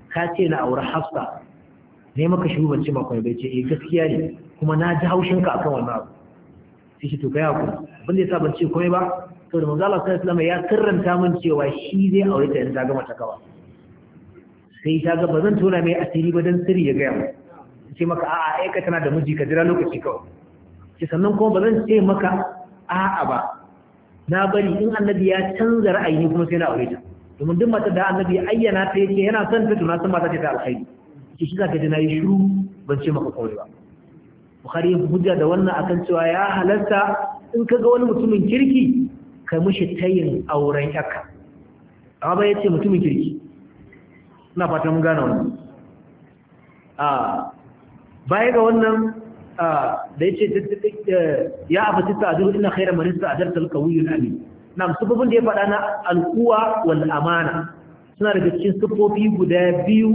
ka ce na aure hafsa ne maka shugabanci makon bai ce eh gaskiya ne kuma na ji haushinka akan wannan abu sai shi to kai hakuri abin da ya sa ban ce komai ba saboda da manzala sai alaihi ya karanta min cewa shi zai aure ta in ta gama ta kawa sai ta ga bazan tona mai asiri ba dan sirri ya ga mu ce maka a'a ai ka tana da miji ka jira lokaci kawai ce sannan kuma bazan ce maka a'a ba na bari in annabi ya canza ra'ayi kuma sai na aure ta domin duk mace da annabi ayyana ta yake yana son ta tuna san mata ta alkhairi ki shi zaka ji nayi shiru ban ce maka kawai ba bukhari ya hujja da wannan akan cewa ya halarta in ka ga wani mutumin kirki kai mishi tayin auren yakka amma ba yace mutumin kirki ina fata mun gane wannan a baya ga wannan da yace eh, ya abata ta azuru inna khayra man ista'adarta al-qawiyyu al-amin na sufofin da ya faɗa na al'uwa wal amana suna daga cikin sufofi guda biyu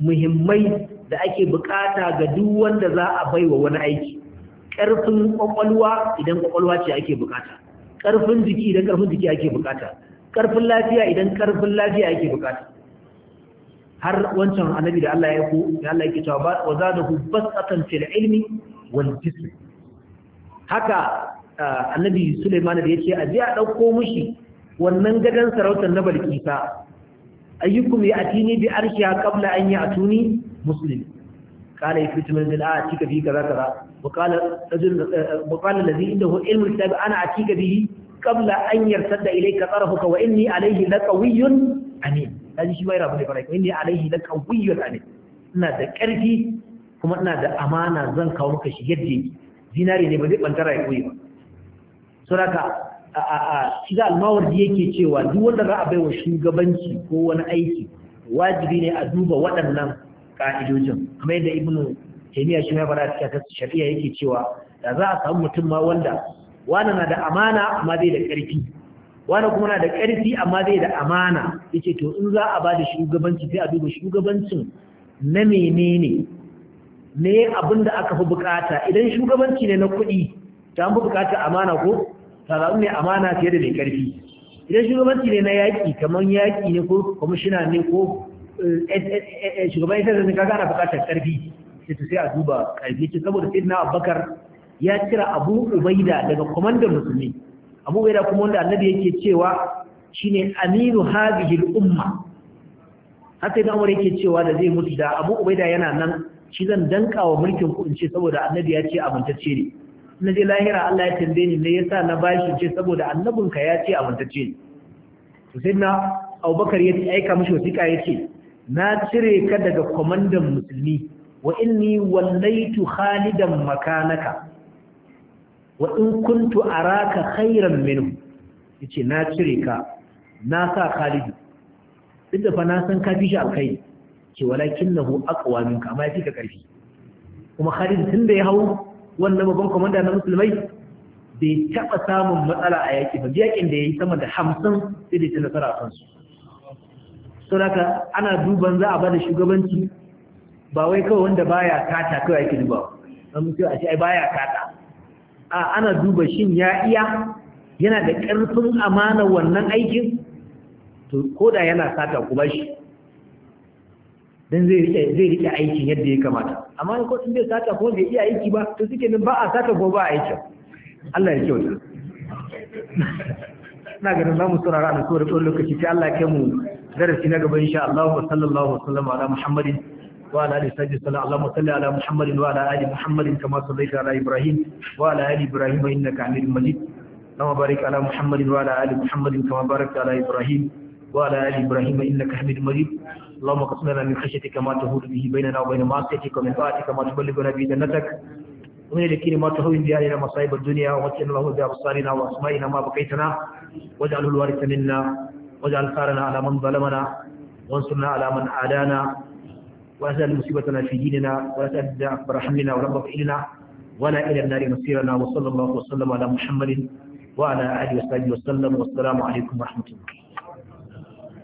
muhimmai da ake bukata ga duk wanda za a bai wa wani aiki ƙarfin ƙwaƙwalwa idan ƙwaƙwalwa ce ake bukata ƙarfin jiki idan ƙarfin jiki ake bukata ƙarfin lafiya idan ƙarfin lafiya ake bukata har wancan annabi da Allah ya ku da Allah yake cewa wa zadahu basatan fil ilmi wal jism haka annabi Suleiman da yace a je a dauko mushi wannan gadan sarautar na Balkisa ayyukum ya atini bi arshiha qabla an ya'tuni muslim قال يفيت من الآن أتيك به كذا كذا وقال رجل وقال الذي عنده علم الكتاب أنا أتيك به قبل أن يرتد إليك طرفك وإني عليه لقوي أمين هذه شيء ما يرى بني فريق وإني عليه لقوي أمين ina da ƙarfi kuma ina da amana zan kawo maka shi yadda zinari ne ba zai bantara koyi ba suraka a shiga almawardi yake cewa duk wanda za a baiwa shugabanci ko wani aiki wajibi ne a duba waɗannan ƙa'idojin. kamar yadda ibnu taimiyya shi mai fara cikin shari'a yake cewa da za a samu mutum ma wanda wani na da amana amma bai da ƙarfi wani kuma na da ƙarfi amma bai da amana yace to in za a bada da shugabanci sai a duba shugabancin na menene ne abin da aka fi bukata idan shugabanci ne na kuɗi ta fi bukata amana ko sarau ne amana fiye da mai ƙarfi idan shugabanci ne na yaƙi kamar yaƙi ne ko kwamishina ne ko eh, eh, eh, shugaban ita zai kaga ana bukatar ƙarfi sai ta sai a duba karfi ce saboda sai na abubakar ya cira abu ubaida daga kwamandan musulmi abu ubaida kuma wanda annabi yake cewa shine aminu hadihil umma haka idan amur yake cewa da zai mutu da abu ubaida yana nan shi zan danka wa mulkin ku in ce saboda annabi ya ce amintacce ne na je lahira Allah ya tambaye ni ne yasa na bashi ce saboda annabinka ya ce amintacce to sai na Abubakar ya aika mishi wasiƙa ya ce na cire ka daga kwamandan musulmi wa inni wallaitu khalidan makanaka wa in kuntu araka khairan minhu yace na cire ka na sa khalidu inda da fa na san ka fi shi alkai ce walakinahu aqwa minka amma yafi ka karfi kuma khalid tunda ya hawo wannan babban komanda na musulmai bai taɓa samun matsala a yaƙi ba yaƙin da ya yi sama da hamsin sai da ta nasara a kansu sau ana duban za a bada shugabanci ba wai kawai wanda baya kata kawai yake duba ba ba a ce ai baya kata a ana duba shin ya iya yana da ƙarfin amana wannan aikin to ko da yana sata ku ba shi dan zai rike zai rike aikin yadda ya kamata amma ko in bai sata ko bai iya aiki ba to suke nan ba a sata ko ba a aiki Allah ya kyauta ina ganin za mu saurara a kowar tsawon lokaci sai Allah ya kai mu darasi na gaba insha Allah wa sallallahu wa sallama ala Muhammadin وعلى آل سيد صلى اللهم صل على محمد وعلى آل محمد كما صليت على إبراهيم وعلى آل إبراهيم إنك حميد مجيد اللهم بارك على محمد وعلى آل محمد كما باركت على إبراهيم وعلى آل إبراهيم إنك حميد مجيد اللهم اقسم لنا من خشيتك ما تهول به بيننا وبين معصيتك ومن طاعتك ما تبلغنا به جنتك ومن اليقين ما تهون به علينا مصائب الدنيا ومتعنا الله بأبصارنا وأسمائنا ما بقيتنا واجعله الوارث منا واجعل ثارنا على من ظلمنا وانصرنا على من عادانا وأسأل مصيبتنا في ديننا وأسأل أكبر حملنا ورب فعلنا ولا إلى النار مصيرنا وصلى الله وسلم على محمد وعلى آله وصحبه وسلم والسلام عليكم ورحمة الله